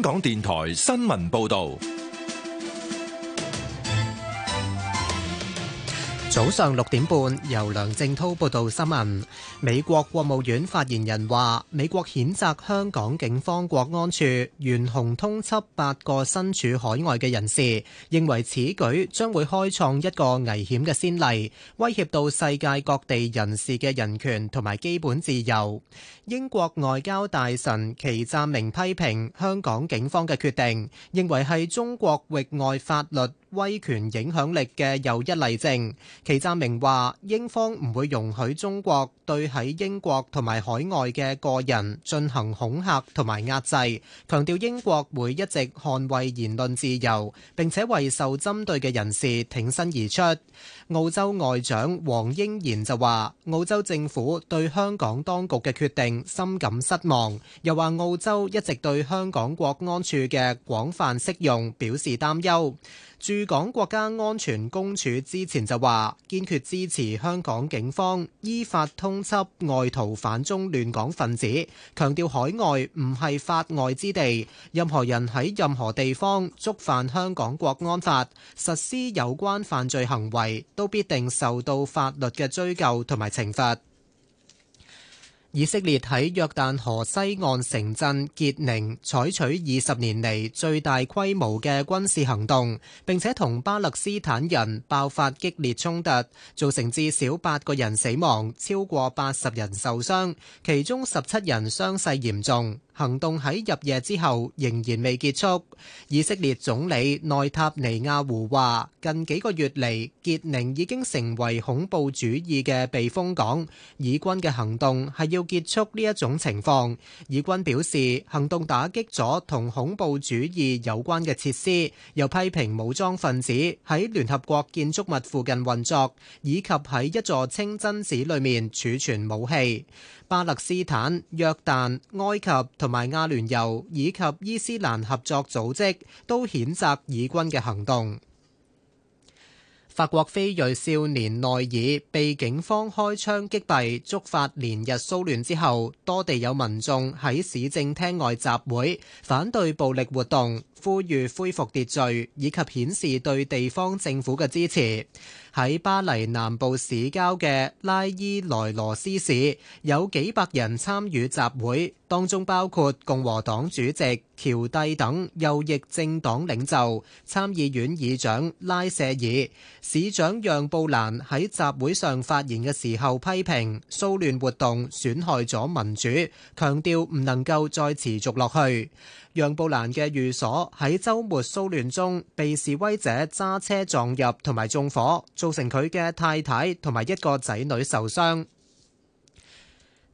香港電台新聞報道。早上六點半，由梁正滔報道新聞。美國國務院發言人話：美國譴責香港警方國安處懸紅通緝八個身處海外嘅人士，認為此舉將會開創一個危險嘅先例，威脅到世界各地人士嘅人權同埋基本自由。英國外交大臣祁湛明批評香港警方嘅決定，認為係中國域外法律。威權影響力嘅又一例證。祁湛明話，英方唔會容許中國對喺英國同埋海外嘅個人進行恐嚇同埋壓制，強調英國會一直捍衛言論自由，並且為受針對嘅人士挺身而出。澳洲外長黃英賢就話，澳洲政府對香港當局嘅決定深感失望，又話澳洲一直對香港國安處嘅廣泛適用表示擔憂。駐港國家安全公署之前就話，堅決支持香港警方依法通緝外逃反中亂港分子，強調海外唔係法外之地，任何人喺任何地方觸犯香港國安法，實施有關犯罪行為，都必定受到法律嘅追究同埋懲罰。以色列喺約旦河西岸城鎮杰寧採取二十年嚟最大規模嘅軍事行動，並且同巴勒斯坦人爆發激烈衝突，造成至少八個人死亡，超過八十人受傷，其中十七人傷勢嚴重。行動喺入夜之後仍然未結束。以色列總理內塔尼亞胡話：近幾個月嚟，杰寧已經成為恐怖主義嘅避風港。以軍嘅行動係要。要結束呢一種情況，以軍表示行動打擊咗同恐怖主義有關嘅設施，又批評武裝分子喺聯合國建築物附近運作，以及喺一座清真寺裏面儲存武器。巴勒斯坦、約旦、埃及同埋阿聯酋以及伊斯蘭合作組織都譴責以軍嘅行動。法國非裔少年內爾被警方開槍擊斃，觸發連日騷亂之後，多地有民眾喺市政廳外集會，反對暴力活動，呼籲恢復秩序，以及顯示對地方政府嘅支持。喺巴黎南部市郊嘅拉伊萊羅斯市，有幾百人參與集會，當中包括共和黨主席。喬蒂等右翼政黨領袖、參議院議長拉舍爾、市長讓布蘭喺集會上發言嘅時候，批評騷亂活動損害咗民主，強調唔能夠再持續落去。讓布蘭嘅寓所喺週末騷亂中被示威者揸車撞入同埋縱火，造成佢嘅太太同埋一個仔女受傷。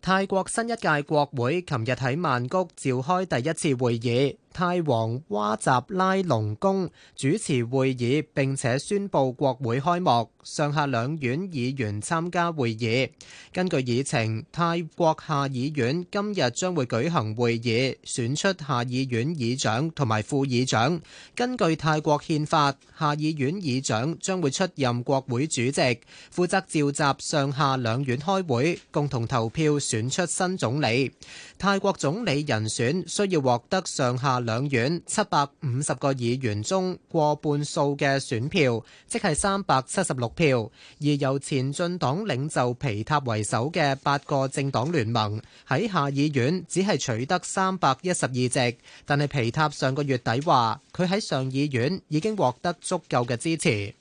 泰國新一屆國會琴日喺曼谷召開第一次會議。泰王哇集拉隆功主持會議，並且宣布國會開幕，上下兩院議員參加會議。根據議程，泰國下議院今日將會舉行會議，選出下議院議長同埋副議長。根據泰國憲法，下議院議長將會出任國會主席，負責召集上下兩院開會，共同投票選出新總理。泰國總理人選需要獲得上下兩院，七百五十個議員中過半數嘅選票，即係三百七十六票。而由前進黨領袖皮塔為首嘅八個政黨聯盟，喺下議院只係取得三百一十二席，但係皮塔上個月底話，佢喺上議院已經獲得足夠嘅支持。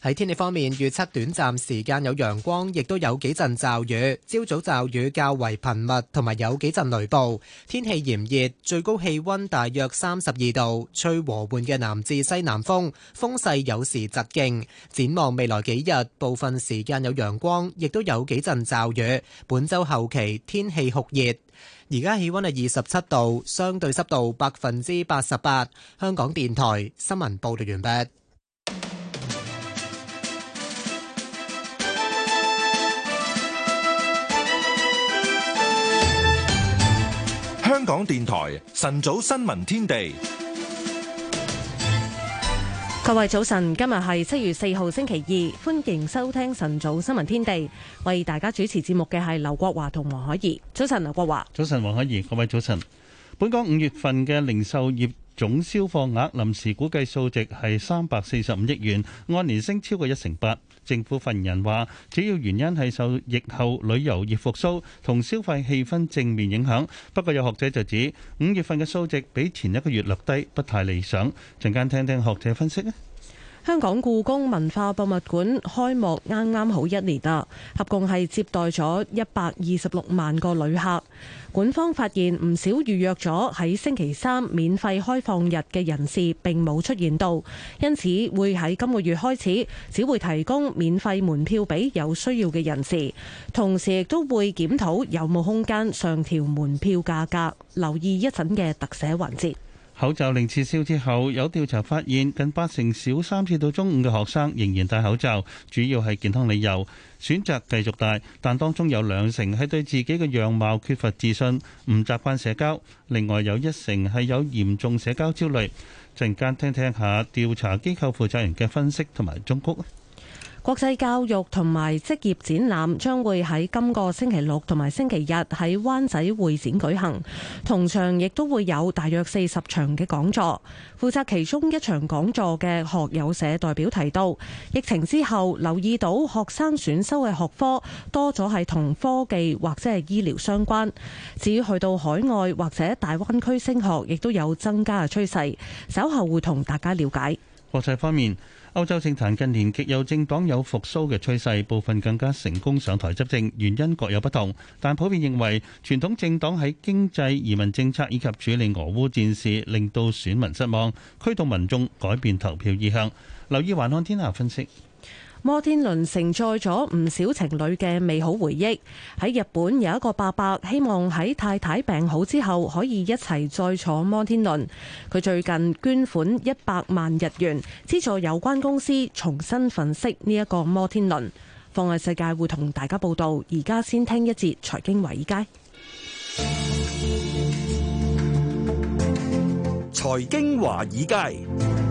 喺天氣方面，預測短暫時間有陽光，亦都有幾陣驟雨。朝早驟雨較為頻密，同埋有幾陣雷暴。天氣炎熱，最高氣溫大約三十二度，吹和緩嘅南至西南風，風勢有時疾勁。展望未來幾日，部分時間有陽光，亦都有幾陣驟雨。本周後期天氣酷熱。而家氣溫係二十七度，相對濕度百分之八十八。香港電台新聞報道完畢。香港電台晨早新聞天地，各位早晨，今日係七月四號星期二，歡迎收聽晨早新聞天地。為大家主持節目嘅係劉國華同黃海怡。早晨，劉國華。早晨，黃海怡。各位早晨。本港五月份嘅零售業總銷貨額臨時估計數值係三百四十五億元，按年升超過一成八。政府發言人話，主要原因係受疫後旅遊業復甦同消費氣氛正面影響。不過有學者就指，五月份嘅數值比前一個月略低，不太理想。陣間聽聽學者分析咧。香港故宮文化博物館開幕啱啱好一年啦，合共係接待咗一百二十六萬個旅客。館方發現唔少預約咗喺星期三免費開放日嘅人士，並冇出現到，因此會喺今個月開始只會提供免費門票俾有需要嘅人士，同時亦都會檢討有冇空間上調門票價格。留意一陣嘅特寫環節。口罩令撤銷之後，有調查發現，近八成小三至到中五嘅學生仍然戴口罩，主要係健康理由選擇繼續戴，但當中有兩成係對自己嘅樣貌缺乏自信，唔習慣社交；另外有一成係有嚴重社交焦慮。陣間聽聽下調查機構負責人嘅分析同埋忠告。國際教育同埋職業展覽將會喺今個星期六同埋星期日喺灣仔會展舉行，同場亦都會有大約四十場嘅講座。負責其中一場講座嘅學友社代表提到，疫情之後留意到學生選修嘅學科多咗係同科技或者係醫療相關。至於去到海外或者大灣區升學，亦都有增加嘅趨勢。稍後會同大家了解。國際方面，歐洲政壇近年極右政黨有復甦嘅趨勢，部分更加成功上台執政，原因各有不同，但普遍認為傳統政黨喺經濟、移民政策以及處理俄烏戰事令到選民失望，驅動民眾改變投票意向。留意環看天下分析。摩天輪承載咗唔少情侶嘅美好回憶。喺日本有一個伯伯，希望喺太太病好之後可以一齊再坐摩天輪。佢最近捐款一百萬日元，資助有關公司重新粉飾呢一個摩天輪。放眼世界會同大家報道。而家先聽一節財經華爾街。財經華爾街。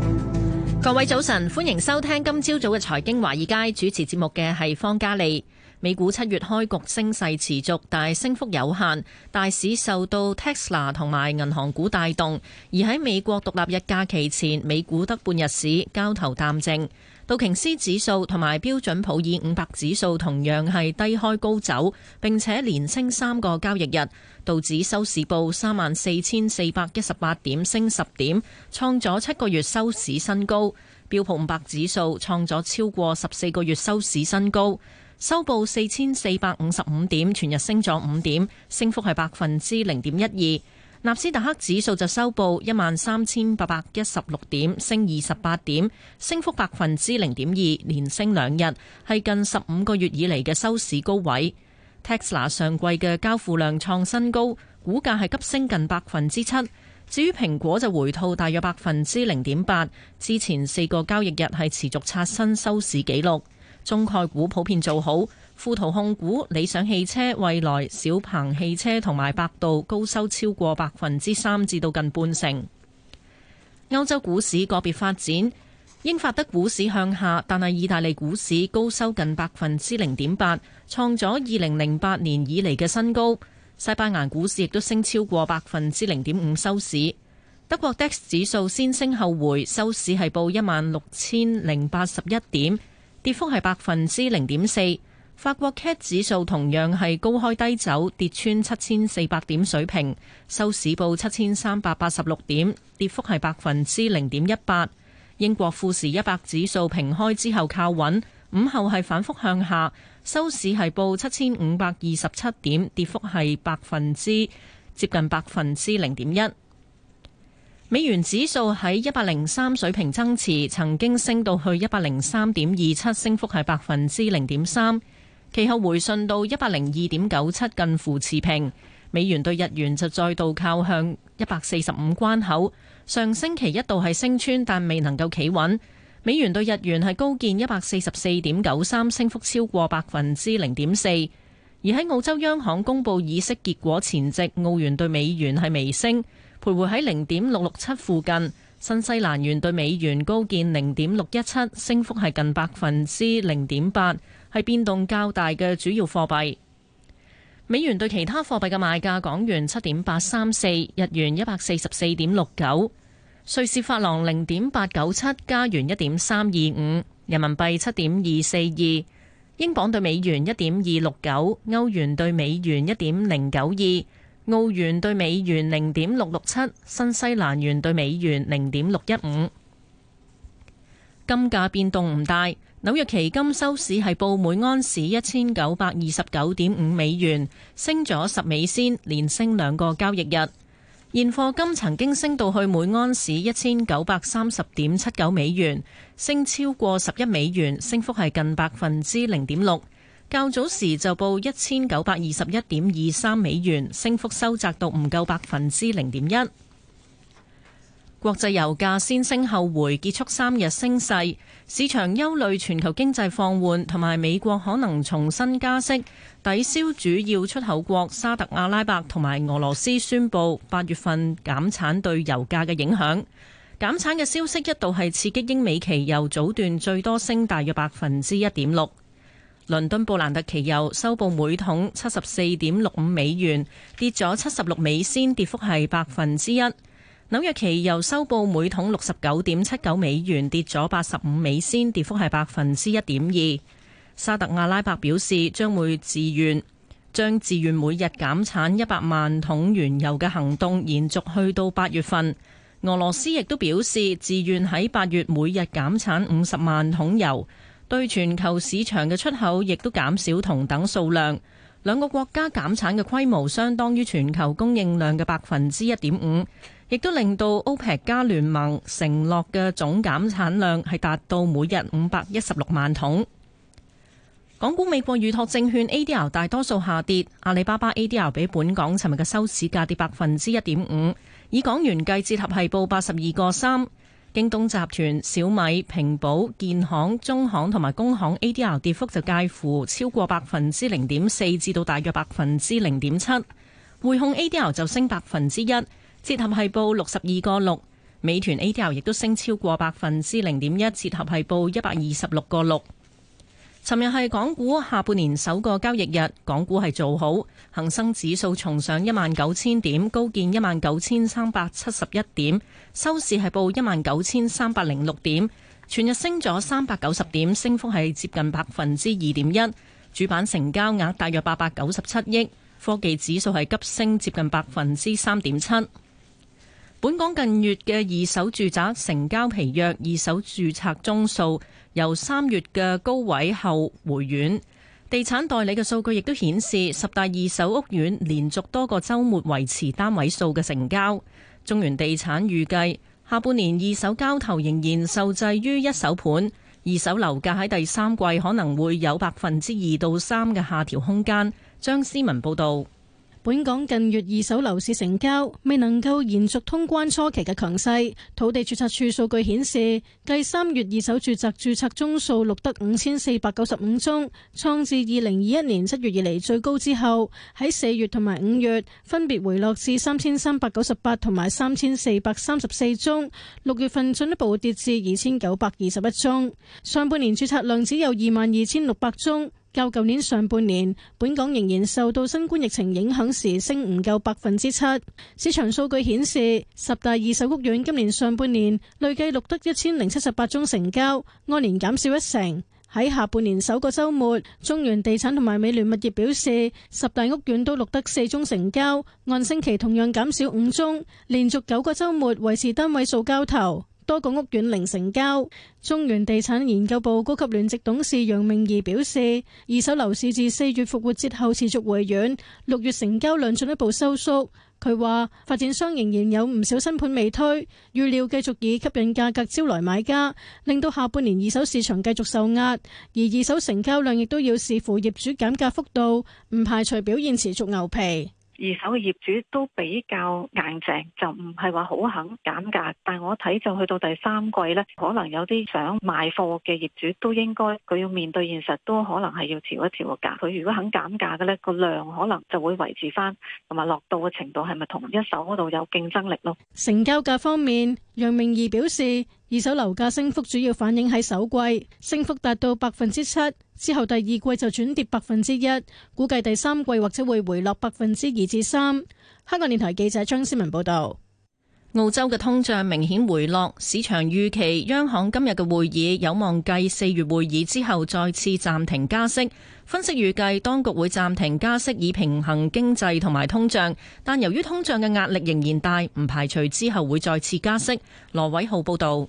各位早晨，歡迎收聽今朝早嘅財經華爾街。主持節目嘅係方嘉莉。美股七月開局升勢持續，但係升幅有限，大市受到 Tesla 同埋銀行股帶動，而喺美國獨立日假期前，美股得半日市，交投淡靜。道瓊斯指數同埋標準普爾五百指數同樣係低開高走，並且連升三個交易日。道指收市報三萬四千四百一十八點，升十點，創咗七個月收市新高。標普五百指數創咗超過十四個月收市新高，收報四千四百五十五點，全日升咗五點，升幅係百分之零點一二。納斯達克指數就收報一萬三千八百一十六點，升二十八點，升幅百分之零點二，連升兩日，係近十五個月以嚟嘅收市高位。Tesla 上季嘅交付量創新高，股價係急升近百分之七。至於蘋果就回吐大約百分之零點八，之前四個交易日係持續刷新收市紀錄。中概股普遍做好。富途控股、理想汽車、蔚來小鵬汽車同埋百度高收超過百分之三，至到近半成。歐洲股市個別發展，英法德股市向下，但係意大利股市高收近百分之零點八，創咗二零零八年以嚟嘅新高。西班牙股市亦都升超過百分之零點五收市。德國 DAX 指數先升後回，收市係報一萬六千零八十一點，跌幅係百分之零點四。法國 CAC 指數同樣係高開低走，跌穿七千四百點水平，收市報七千三百八十六點，跌幅係百分之零點一八。英國富時一百指數平開之後靠穩，午後係反覆向下，收市係報七千五百二十七點，跌幅係百分之接近百分之零點一。美元指數喺一百零三水平增持，曾經升到去一百零三點二七，升幅係百分之零點三。其後回信到一百零二點九七，近乎持平。美元對日元就再度靠向一百四十五關口，上星期一度係升穿，但未能夠企穩。美元對日元係高見一百四十四點九三，升幅超過百分之零點四。而喺澳洲央行公布議息結果前夕，澳元對美元係微升，徘徊喺零點六六七附近。新西蘭元對美元高見零點六一七，升幅係近百分之零點八。係變動較大嘅主要貨幣，美元對其他貨幣嘅賣價：港元七點八三四，日元一百四十四點六九，瑞士法郎零點八九七，加元一點三二五，人民幣七點二四二，英鎊對美元一點二六九，歐元對美元一點零九二，澳元對美元零點六六七，新西蘭元對美元零點六一五。金價變動唔大。紐約期金收市係報每安士一千九百二十九點五美元，升咗十美仙，連升兩個交易日。現貨金曾經升到去每安士一千九百三十點七九美元，升超過十一美元，升幅係近百分之零點六。較早時就報一千九百二十一點二三美元，升幅收窄到唔夠百分之零點一。國際油價先升後回，結束三日升勢。市場憂慮全球經濟放緩同埋美國可能重新加息，抵消主要出口國沙特阿拉伯同埋俄羅斯宣布八月份減產對油價嘅影響。減產嘅消息一度係刺激英美期油早段最多升大約百分之一點六。倫敦布蘭特期油收報每桶七十四點六五美元，跌咗七十六美仙，跌幅係百分之一。紐約期油收報每桶六十九點七九美元，跌咗八十五美仙，跌幅係百分之一點二。沙特阿拉伯表示將會自願將自願每日減產一百萬桶原油嘅行動延續去到八月份。俄羅斯亦都表示自願喺八月每日減產五十萬桶油，對全球市場嘅出口亦都減少同等數量。兩個國家減產嘅規模相當於全球供應量嘅百分之一點五。亦都令到歐佩克加聯盟承諾嘅總減產量係達到每日五百一十六萬桶。港股美國預託證券 A D R 大多數下跌，阿里巴巴 A D R 比本港尋日嘅收市價跌百分之一點五，以港元計，折合係報八十二個三。京東集團、小米、平保、建行、中行同埋工行 A D R 跌幅就介乎超過百分之零點四至到大約百分之零點七。匯控 A D R 就升百分之一，折合係報六十二個六，美團 A.T.O. 亦都升超過百分之零點一，折合係報一百二十六個六。尋日係港股下半年首個交易日，港股係做好，恒生指數重上一萬九千點，高見一萬九千三百七十一點，收市係報一萬九千三百零六點，全日升咗三百九十點，升幅係接近百分之二點一。主板成交額，額大約八百九十七億，科技指數係急升，接近百分之三點七。本港近月嘅二手住宅成交疲弱，二手註冊宗數由三月嘅高位後回軟。地產代理嘅數據亦都顯示，十大二手屋苑連續多個週末維持單位數嘅成交。中原地產預計下半年二手交投仍然受制於一手盤，二手樓價喺第三季可能會有百分之二到三嘅下調空間。張思文報道。本港近月二手樓市成交未能夠延續通關初期嘅強勢，土地注冊處數據顯示，繼三月二手住宅注冊宗數錄得五千四百九十五宗，創自二零二一年七月以嚟最高之後，喺四月同埋五月分別回落至三千三百九十八同埋三千四百三十四宗，六月份進一步跌至二千九百二十一宗，上半年注冊量只有二萬二千六百宗。較舊年上半年，本港仍然受到新冠疫情影響時升唔夠百分之七。市場數據顯示，十大二手屋苑今年上半年累計錄得一千零七十八宗成交，按年減少一成。喺下半年首個周末，中原地產同埋美聯物業表示，十大屋苑都錄得四宗成交，按星期同樣減少五宗，連續九個周末維持單位數交投。多個屋苑零成交，中原地產研究部高級聯席董事楊明儀表示，二手樓市自四月復活節後持續回軟，六月成交量進一步收縮。佢話，發展商仍然有唔少新盤未推，預料繼續以吸引價格招來買家，令到下半年二手市場繼續受壓，而二手成交量亦都要視乎業主減價幅度，唔排除表現持續牛皮。二手嘅業主都比較硬淨，就唔係話好肯減價。但係我睇就去到第三季呢，可能有啲想賣貨嘅業主都應該佢要面對現實，都可能係要調一調個價。佢如果肯減價嘅呢，個量可能就會維持翻，同埋落到嘅程度係咪同一手嗰度有競爭力咯？成交價方面，楊明儀表示。二手樓價升幅主要反映喺首季升幅達到百分之七，之後第二季就轉跌百分之一，估計第三季或者會回落百分之二至三。香港電台記者張思文報道。澳洲嘅通脹明顯回落，市場預期央行今日嘅會議有望繼四月會議之後再次暫停加息。分析預計當局會暫停加息，以平衡經濟同埋通脹，但由於通脹嘅壓力仍然大，唔排除之後會再次加息。羅偉浩報道。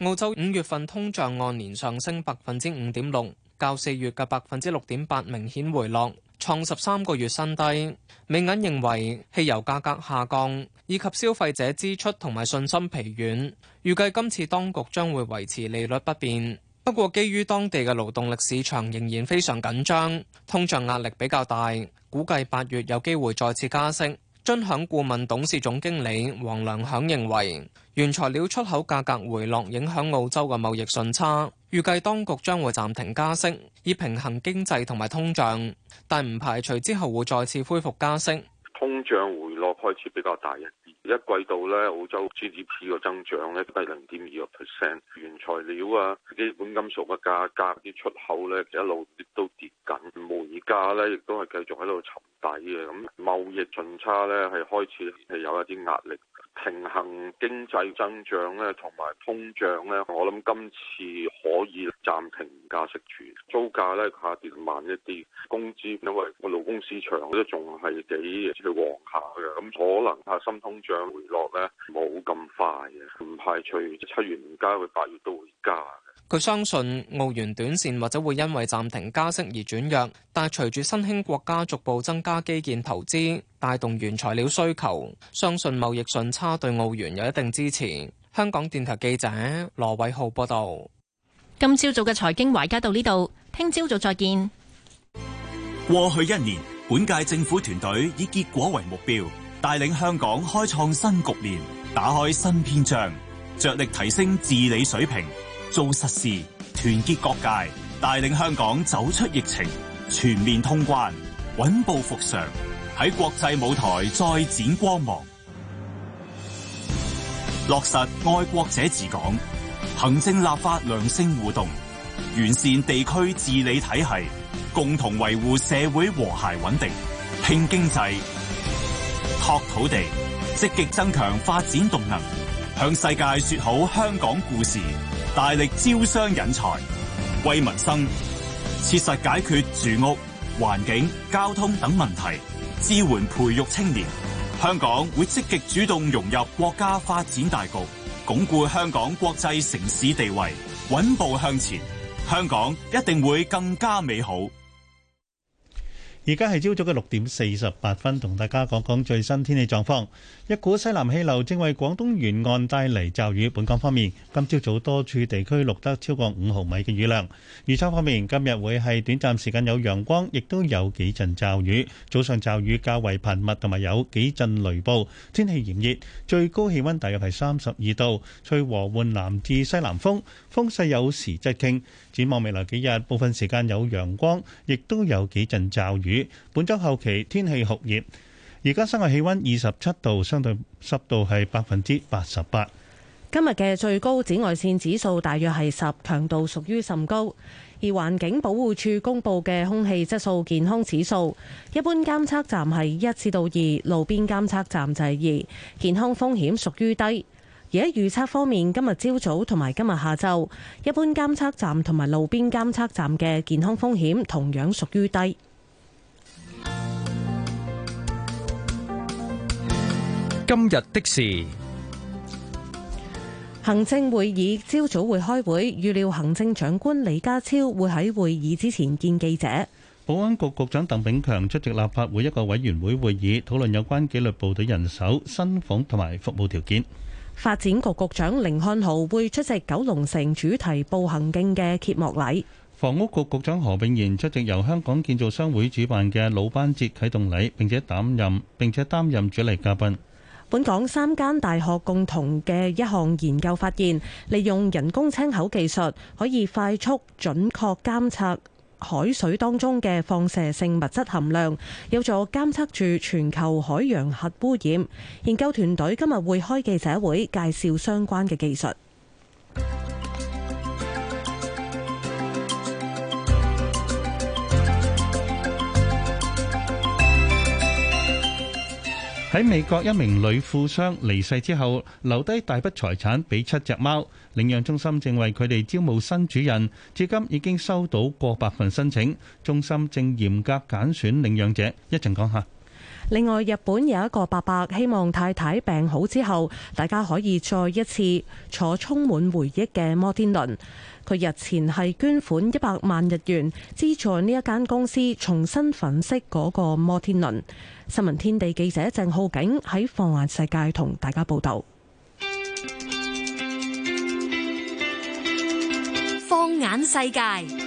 澳洲五月份通脹按年上升百分之五點六，較四月嘅百分之六點八明顯回落，創十三個月新低。美銀認為汽油價格下降以及消費者支出同埋信心疲軟，預計今次當局將會維持利率不變。不過，基於當地嘅勞動力市場仍然非常緊張，通脹壓力比較大，估計八月有機會再次加息。津享顧問董事總經理黃良響認為。原材料出口價格回落影響澳洲嘅貿易順差，預計當局將會暫停加息，以平衡經濟同埋通脹，但唔排除之後會再次恢復加息。通脹回落開始比較大一啲，一季度咧澳洲 GDP 嘅增長咧都係零點二個 percent，原材料啊、基本金屬嘅價格啲出口咧一路都跌緊，煤價咧亦都係繼續喺度沉底嘅，咁貿易順差咧係開始係有一啲壓力。平衡經濟增長咧，同埋通脹咧，我諗今次可以暫停加息處，住租價咧下跌慢一啲，工資因為個勞工市場都仲係幾旺下嘅，咁可能核心通脹回落咧冇咁快嘅，唔排除七月唔加，佢八月都會加嘅。佢相信澳元短線或者會因為暫停加息而轉弱，但係隨住新興國家逐步增加基建投資，帶動原材料需求，相信貿易順差對澳元有一定支持。香港電台記者羅偉浩報道。今朝早嘅財經懷家到呢度，聽朝早再見。過去一年，本屆政府團隊以結果為目標，帶領香港開創新局面，打開新篇章，着力提升治理水平。做實事，團結各界，帶領香港走出疫情，全面通關，穩步復常，喺國際舞台再展光芒。落實愛國者治港，行政立法良性互動，完善地區治理體系，共同維護社會和諧穩定，拼經濟，拓土地，積極增強發展動能，向世界說好香港故事。大力招商引才，為民生切實解決住屋、環境、交通等問題，支援培育青年。香港會積極主動融入國家發展大局，鞏固香港國際城市地位，穩步向前。香港一定會更加美好。而家係朝早嘅六點四十八分，同大家講講最新天氣狀況。一股西南氣流正為廣東沿岸帶嚟驟雨。本港方面，今朝早，早多處地區錄得超過五毫米嘅雨量。預測方面，今日會係短暫時間有陽光，亦都有幾陣驟雨。早上驟雨較為頻密，同埋有幾陣雷暴。天氣炎熱，最高氣溫大約係三十二度。吹和緩南至西南風，風勢有時清勁。展望未來幾日，部分時間有陽光，亦都有幾陣驟雨。本週後期天氣酷熱，而家室外氣温二十七度，相對濕度係百分之八十八。今日嘅最高紫外線指數大約係十，強度屬於甚高。而環境保護署公布嘅空氣質素健康指數，一般監測站係一至到二，路邊監測站就係二，健康風險屬於低。而喺預測方面，今日朝早同埋今日下晝，一般監測站同埋路邊監測站嘅健康風險同樣屬於低。今日的事，行政會議朝早會開會，預料行政長官李家超會喺會議之前見記者。保安局局長鄧炳強出席立法會一個委員會會議，討論有關紀律部隊人手、薪俸同埋服務條件。發展局局長凌漢豪會出席九龍城主題步行徑嘅揭幕禮，房屋局局長何永賢出席由香港建造商會主辦嘅魯班節啟動禮，並且擔任並且擔任主禮嘉賓。本港三間大學共同嘅一項研究發現，利用人工青口技術可以快速準確監測。海水當中嘅放射性物質含量，有助監測住全球海洋核污染。研究團隊今日會開記者會介紹相關嘅技術。喺美國，一名女富商離世之後，留低大筆財產俾七隻貓。領養中心正為佢哋招募新主人，至今已經收到過百份申請。中心正嚴格揀選領養者，一陣講下。另外，日本有一個伯伯希望太太病好之後，大家可以再一次坐充滿回憶嘅摩天輪。佢日前係捐款一百萬日元，資助呢一間公司重新粉飾嗰個摩天輪。新聞天地記者鄭浩景喺放眼世界同大家報道。放眼世界。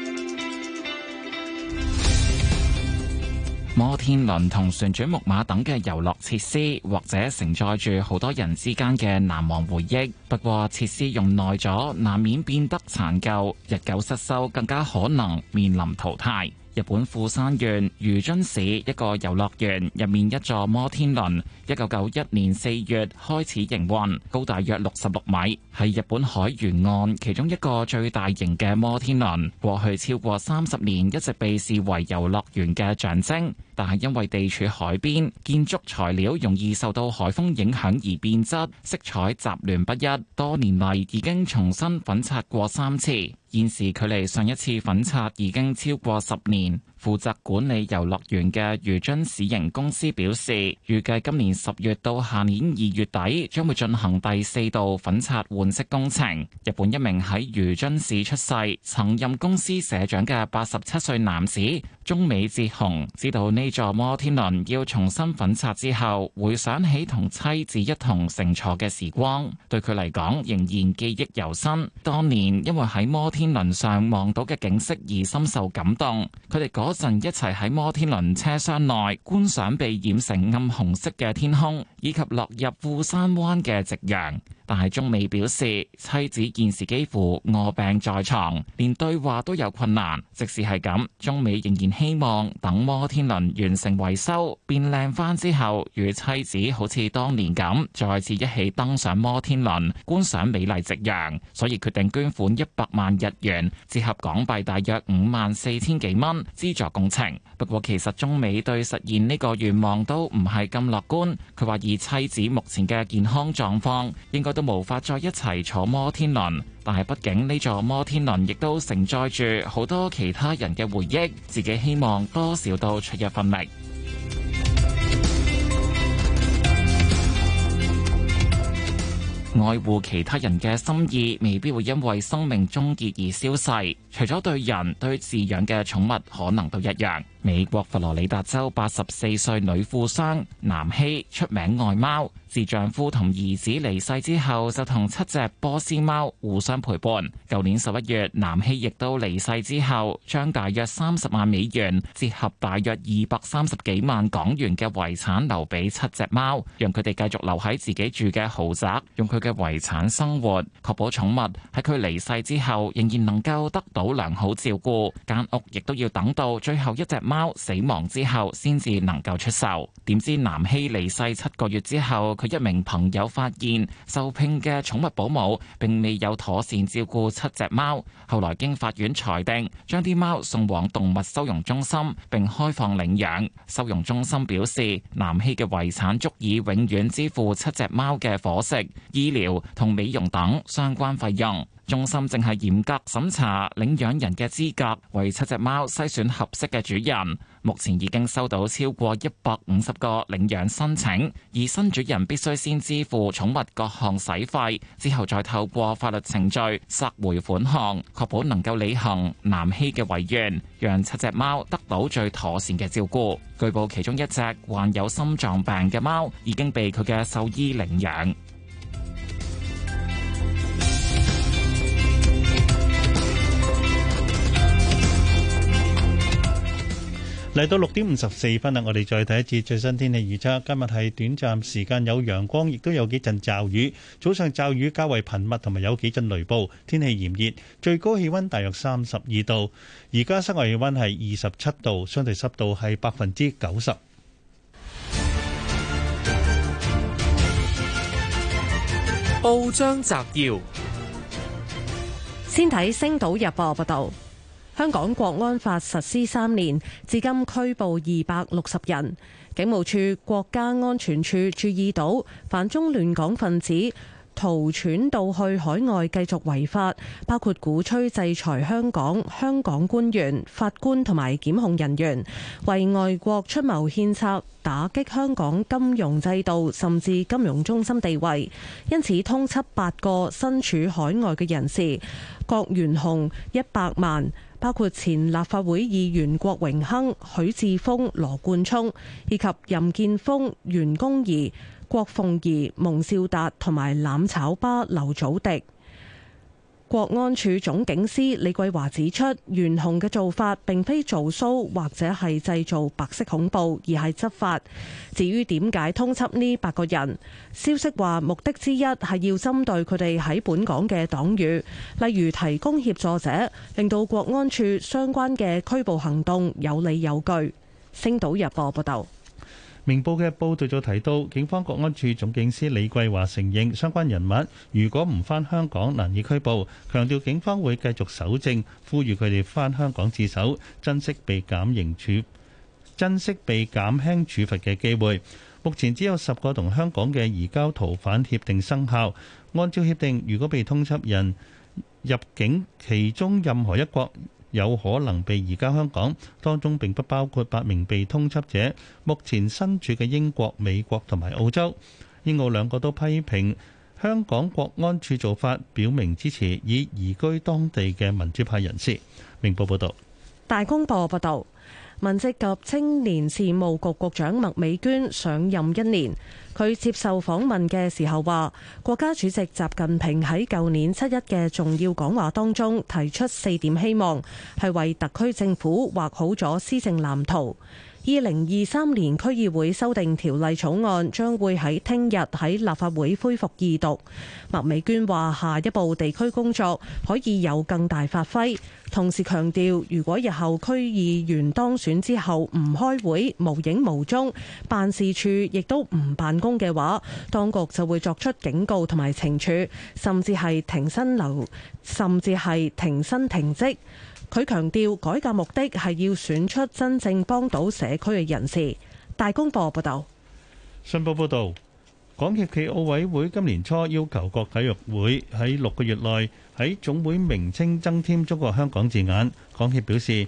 摩天輪同旋轉木馬等嘅遊樂設施，或者承載住好多人之間嘅難忘回憶。不過，設施用耐咗，難免變得殘舊，日久失修，更加可能面臨淘汰。日本富山縣魚津市一個遊樂園入面一座摩天輪，一九九一年四月開始營運，高大約六十六米，係日本海沿岸其中一個最大型嘅摩天輪。過去超過三十年，一直被視為遊樂園嘅象徵。但係因為地處海邊，建築材料容易受到海風影響而變質，色彩雜亂不一。多年嚟已經重新粉刷過三次，現時距離上一次粉刷已經超過十年。負責管理遊樂園嘅魚津市營公司表示，預計今年十月到下年二月底，將會進行第四度粉刷換色工程。日本一名喺魚津市出世、曾任公司社長嘅八十七歲男子中尾哲雄，知道呢座摩天輪要重新粉刷之後，回想起同妻子一同乘坐嘅時光。對佢嚟講，仍然記憶猶新。當年因為喺摩天輪上望到嘅景色而深受感動，佢哋嗰。神一齊喺摩天輪車廂內觀賞被染成暗紅色嘅天空，以及落入富山灣嘅夕陽。但係中美表示，妻子現時幾乎臥病在床，連對話都有困難。即使係咁，中美仍然希望等摩天輪完成維修變靚翻之後，與妻子好似當年咁再次一起登上摩天輪觀賞美麗夕陽，所以決定捐款一百萬日元，折合港幣大約五萬四千幾蚊。做工程，不過其實中美對實現呢個願望都唔係咁樂觀。佢話以妻子目前嘅健康狀況，應該都無法再一齊坐摩天輪。但係畢竟呢座摩天輪亦都承載住好多其他人嘅回憶，自己希望多少都出一分力。愛護其他人嘅心意，未必會因為生命終結而消逝。除咗對人，對飼養嘅寵物，可能都一樣。美國佛羅里達州八十四歲女富商南希出名愛貓，自丈夫同兒子離世之後，就同七隻波斯貓互相陪伴。舊年十一月，南希亦都離世之後，將大約三十萬美元，折合大約二百三十幾萬港元嘅遺產留俾七隻貓，讓佢哋繼續留喺自己住嘅豪宅，用佢嘅遺產生活，確保寵物喺佢離世之後仍然能夠得到良好照顧。間屋亦都要等到最後一隻貓。貓死亡之後，先至能夠出售。點知南希離世七個月之後，佢一名朋友發現受聘嘅寵物保姆並未有妥善照顧七隻貓。後來經法院裁定，將啲貓送往動物收容中心，並開放領養。收容中心表示，南希嘅遺產足以永遠支付七隻貓嘅伙食、醫療同美容等相關費用。中心正係嚴格審查領養人嘅資格，為七隻貓篩選合適嘅主人。目前已經收到超過一百五十個領養申請，而新主人必須先支付寵物各項洗費，之後再透過法律程序索回款項，確保能夠履行南希嘅遺願，讓七隻貓得到最妥善嘅照顧。據報其中一隻患有心臟病嘅貓已經被佢嘅獸醫領養。嚟到六點五十四分啦，我哋再睇一次最新天氣預測。今日係短暫時間有陽光，亦都有幾陣驟雨。早上驟雨較為頻密，同埋有幾陣雷暴。天氣炎熱，最高氣溫大約三十二度。而家室外氣溫係二十七度，相對濕度係百分之九十。報章摘要，先睇《星島日報》報道。香港國安法實施三年，至今拘捕二百六十人。警務處國家安全處注意到，反中亂港分子逃竄到去海外繼續違法，包括鼓吹制裁香港、香港官員、法官同埋檢控人員，為外國出謀獻策，打擊香港金融制度甚至金融中心地位。因此，通緝八個身處海外嘅人士，各懸紅一百萬。包括前立法會議員郭榮鏗、許智峰、羅冠聰，以及任建峰、袁弓夷、郭鳳儀、蒙兆達同埋攬炒巴劉祖迪。國安處總警司李桂華指出，懸紅嘅做法並非做騷或者係製造白色恐怖，而係執法。至於點解通緝呢八個人，消息話目的之一係要針對佢哋喺本港嘅黨羽，例如提供協助者，令到國安處相關嘅拘捕行動有理有據。星島日報報道。明報嘅報道就提到，警方國安處總警司李桂華承認，相關人物如果唔返香港，難以拘捕。強調警方會繼續搜證，呼籲佢哋返香港自首，珍惜被減刑處、珍惜被減輕處罰嘅機會。目前只有十個同香港嘅移交逃犯協定生效。按照協定，如果被通緝人入境其中任何一國，有可能被移交香港，當中並不包括八名被通緝者，目前身處嘅英國、美國同埋澳洲。英澳兩個都批評香港國安處做法，表明支持以移居當地嘅民主派人士。明報報道、大公報報道。文職及青年事務局局長麥美娟上任一年，佢接受訪問嘅時候話，國家主席習近平喺舊年七一嘅重要講話當中提出四點希望，係為特區政府劃好咗施政藍圖。二零二三年區議會修訂條例草案將會喺聽日喺立法會恢復二讀。麥美娟話，下一步地區工作可以有更大發揮。同時強調，如果日後區議員當選之後唔開會、無影無蹤，辦事處亦都唔辦公嘅話，當局就會作出警告同埋懲處，甚至係停薪留，甚至係停薪停職。佢強調，改革目的係要選出真正幫到社區嘅人士。大公報報道：「信報報道，港協暨奧委會今年初要求各體育會喺六個月內喺總會名稱增添中國香港字眼。港協表示，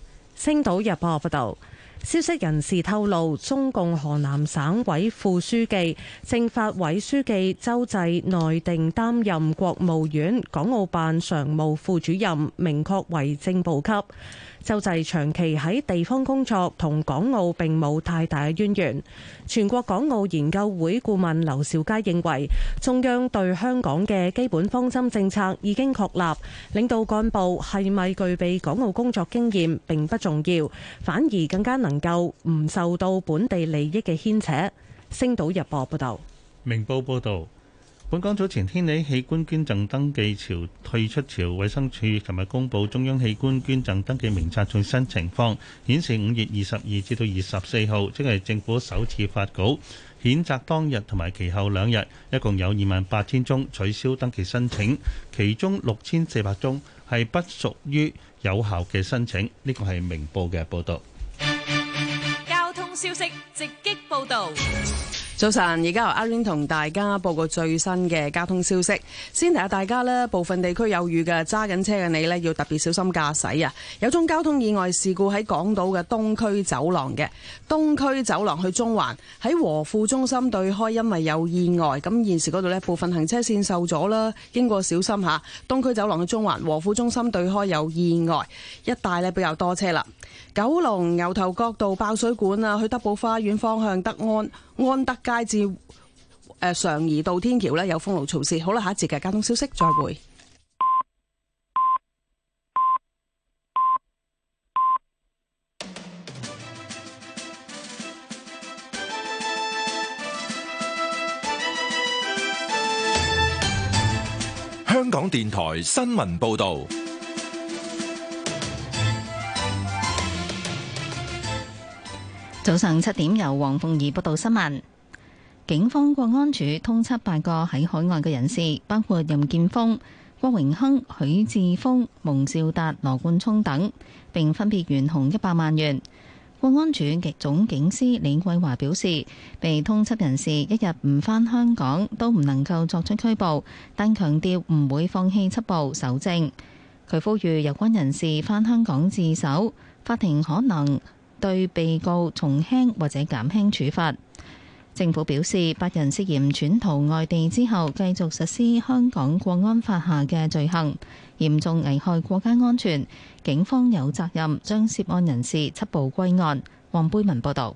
星島日報報道。消息人士透露，中共河南省委副書記、政法委書記周濟內定擔任國務院港澳辦常務副主任，明確為正部級。周濟長期喺地方工作，同港澳並冇太大嘅淵源。全國港澳研究會顧問劉兆佳認為，中央對香港嘅基本方針政策已經確立，領導幹部係咪具備港澳工作經驗並不重要，反而更加能。能夠唔受到本地利益嘅牽扯。《星島日報》報道，《明報》報道，本港早前掀起器官捐贈登記潮退出潮，衛生署琴日公布中央器官捐贈登記名冊最新情況，顯示五月二十二至到二十四號，即係政府首次發稿譴責當日同埋其後兩日，一共有二萬八千宗取消登記申請，其中六千四百宗係不屬於有效嘅申請。呢個係明報嘅報道。消息直擊報道。早晨，而家由阿 rain 同大家報個最新嘅交通消息。先提下大家呢，部分地區有雨嘅，揸緊車嘅你呢，要特別小心駕駛啊！有宗交通意外事故喺港島嘅東區走廊嘅東區走廊去中環，喺和富中心對開，因為有意外，咁現時嗰度呢，部分行車線受阻啦，經過小心吓。東區走廊去中環和富中心對開有意外，一帶呢，比較多車啦。九龍牛頭角道爆水管啊！去德寶花園方向，德安安德街至誒常怡道天橋咧，有封路措施。好啦，下一節嘅交通消息，再會。香港電台新聞報道。早上七點，由黃鳳儀報道新聞。警方國安處通緝八個喺海外嘅人士，包括任建峰、郭榮鏗、許智峰、蒙兆達、羅冠聰等，並分別懸紅一百萬元。國安處極總警司李桂華表示，被通緝人士一日唔返香港，都唔能夠作出拘捕，但強調唔會放棄緝捕搜證。佢呼籲有關人士返香港自首，法庭可能。對被告從輕或者減輕處罰。政府表示，八人涉嫌轉逃外地之後，繼續實施香港國安法下嘅罪行，嚴重危害國家安全，警方有責任將涉案人士緝捕歸案。黃貝文報導。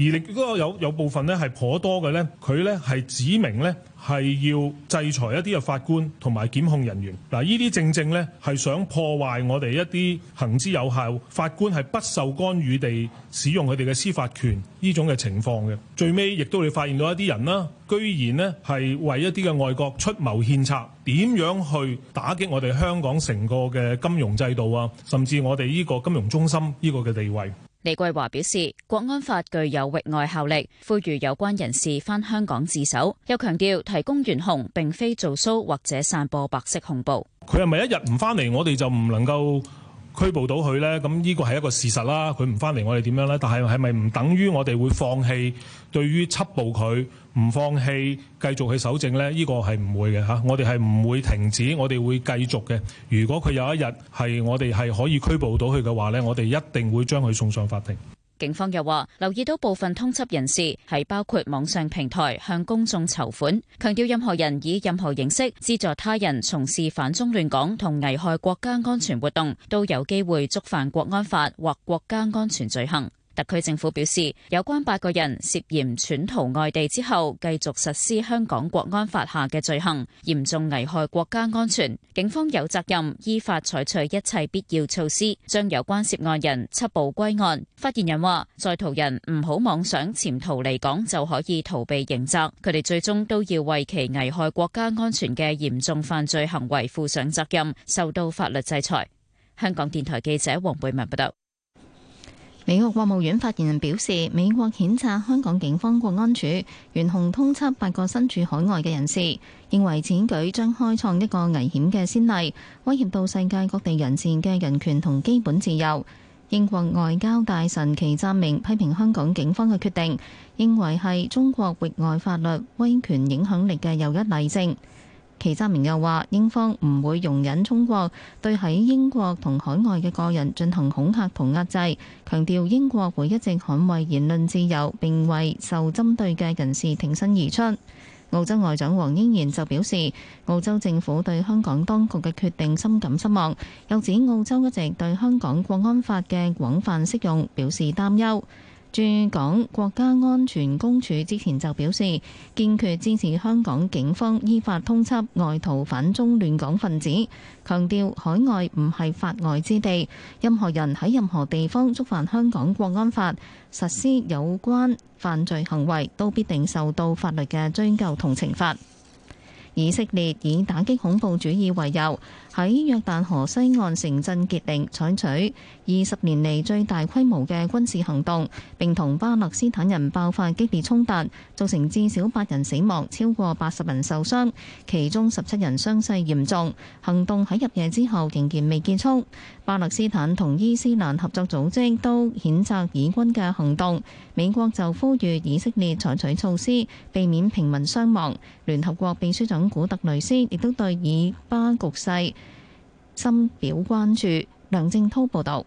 而嗰個有有部分咧係頗多嘅呢佢呢係指明呢係要制裁一啲嘅法官同埋檢控人員。嗱，呢啲正正呢係想破壞我哋一啲行之有效法官係不受干預地使用佢哋嘅司法權呢種嘅情況嘅。最尾亦都會發現到一啲人啦，居然呢係為一啲嘅外國出謀獻策，點樣去打擊我哋香港成個嘅金融制度啊，甚至我哋呢個金融中心呢個嘅地位。李桂華表示，國安法具有域外效力，呼籲有關人士返香港自首。又強調，提供懸紅并非做騷或者散播白色恐怖。佢係咪一日唔返嚟，我哋就唔能夠拘捕到佢呢？咁呢個係一個事實啦。佢唔返嚟，我哋點樣呢？但係係咪唔等於我哋會放棄對於緝捕佢？唔放棄繼續去搜證呢，呢個係唔會嘅嚇。我哋係唔會停止，我哋會繼續嘅。如果佢有一日係我哋係可以拘捕到佢嘅話呢，我哋一定會將佢送上法庭。警方又話留意到部分通緝人士係包括網上平台向公眾籌款，強調任何人以任何形式資助他人從事反中亂港同危害國家安全活動，都有機會觸犯國安法或國家安全罪行。特區政府表示，有關八個人涉嫌串逃外地之後，繼續實施香港國安法下嘅罪行，嚴重危害國家安全，警方有責任依法採取一切必要措施，將有關涉案人緝捕歸案。發言人話：在逃人唔好妄想潛逃離港就可以逃避刑責，佢哋最終都要為其危害國家安全嘅嚴重犯罪行為負上責任，受到法律制裁。香港電台記者黃貝文報道。美國國務院發言人表示，美國譴責香港警方國安處懸紅通緝八個身處海外嘅人士，認為此舉將開創一個危險嘅先例，威脅到世界各地人士嘅人權同基本自由。英國外交大臣祈湛明批評香港警方嘅決定，認為係中國域外法律威權影響力嘅又一例證。其澤明又話，英方唔會容忍中國對喺英國同海外嘅個人進行恐嚇同壓制，強調英國會一直捍衛言論自由，並為受針對嘅人士挺身而出。澳洲外長黃英賢就表示，澳洲政府對香港當局嘅決定深感失望，又指澳洲一直對香港國安法嘅廣泛適用表示擔憂。駐港國家安全公署之前就表示，堅決支持香港警方依法通緝外逃反中亂港分子，強調海外唔係法外之地，任何人喺任何地方觸犯香港國安法，實施有關犯罪行為，都必定受到法律嘅追究同懲罰。以色列以打擊恐怖主義為由，喺約旦河西岸城鎮傑寧採取二十年嚟最大規模嘅軍事行動，並同巴勒斯坦人爆發激烈衝突。造成至少八人死亡，超過八十人受傷，其中十七人傷勢嚴重。行動喺入夜之後仍然未結束。巴勒斯坦同伊斯蘭合作組織都譴責以軍嘅行動。美國就呼籲以色列採取措施，避免平民傷亡。聯合國秘書長古特雷斯亦都對以巴局勢深表關注。梁正濤報導。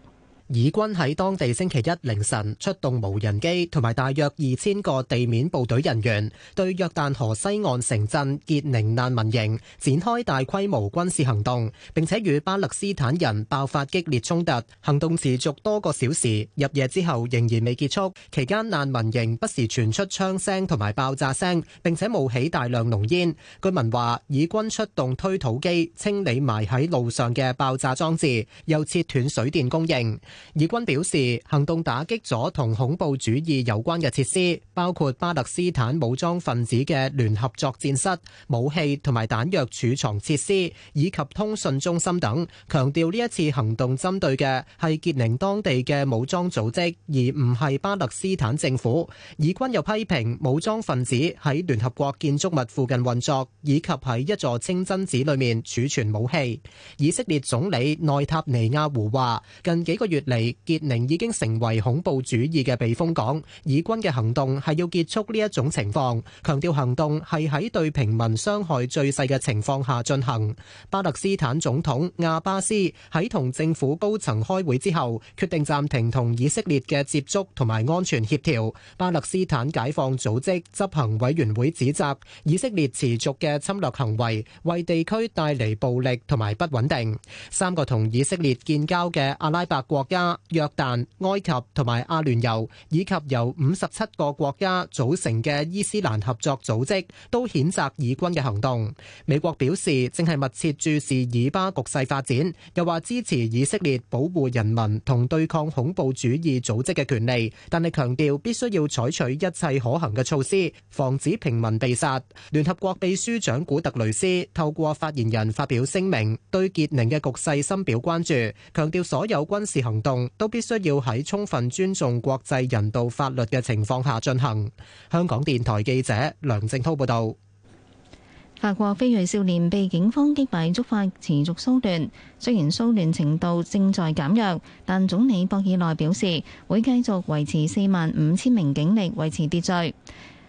以軍喺當地星期一凌晨出動無人機同埋大約二千個地面部隊人員，對約旦河西岸城鎮傑寧難民營展開大規模軍事行動，並且與巴勒斯坦人爆發激烈衝突。行動持續多個小時，入夜之後仍然未結束。期間難民營不時傳出槍聲同埋爆炸聲，並且冒起大量濃煙。居民話，以軍出動推土機清理埋喺路上嘅爆炸裝置，又切斷水電供應。以軍表示行動打擊咗同恐怖主義有關嘅設施，包括巴勒斯坦武裝分子嘅聯合作戰室、武器同埋彈藥儲藏設施以及通訊中心等。強調呢一次行動針對嘅係結寧當地嘅武裝組織，而唔係巴勒斯坦政府。以軍又批評武裝分子喺聯合國建築物附近運作，以及喺一座清真寺裏面儲存武器。以色列總理內塔尼亞胡話：近幾個月，嚟傑寧已經成為恐怖主義嘅避風港，以軍嘅行動係要結束呢一種情況，強調行動係喺對平民傷害最細嘅情況下進行。巴勒斯坦總統亞巴斯喺同政府高層開會之後，決定暫停同以色列嘅接觸同埋安全協調。巴勒斯坦解放組織執行委員會指責以色列持續嘅侵略行為為地區帶嚟暴力同埋不穩定。三個同以色列建交嘅阿拉伯國。加、約旦、埃及同埋阿聯酋，以及由五十七個國家組成嘅伊斯蘭合作組織，都譴責以軍嘅行動。美國表示正係密切注視以巴局勢發展，又話支持以色列保護人民同對抗恐怖主義組織嘅權利，但係強調必須要採取一切可行嘅措施，防止平民被殺。聯合國秘書長古特雷斯透過發言人發表聲明，對傑寧嘅局勢深表關注，強調所有軍事行動。都必須要喺充分尊重國際人道法律嘅情況下進行。香港電台記者梁正滔報導，法國非裔少年被警方擊斃，觸發持續騷亂。雖然騷亂程度正在減弱，但總理博爾內表示會繼續維持四萬五千名警力維持秩序。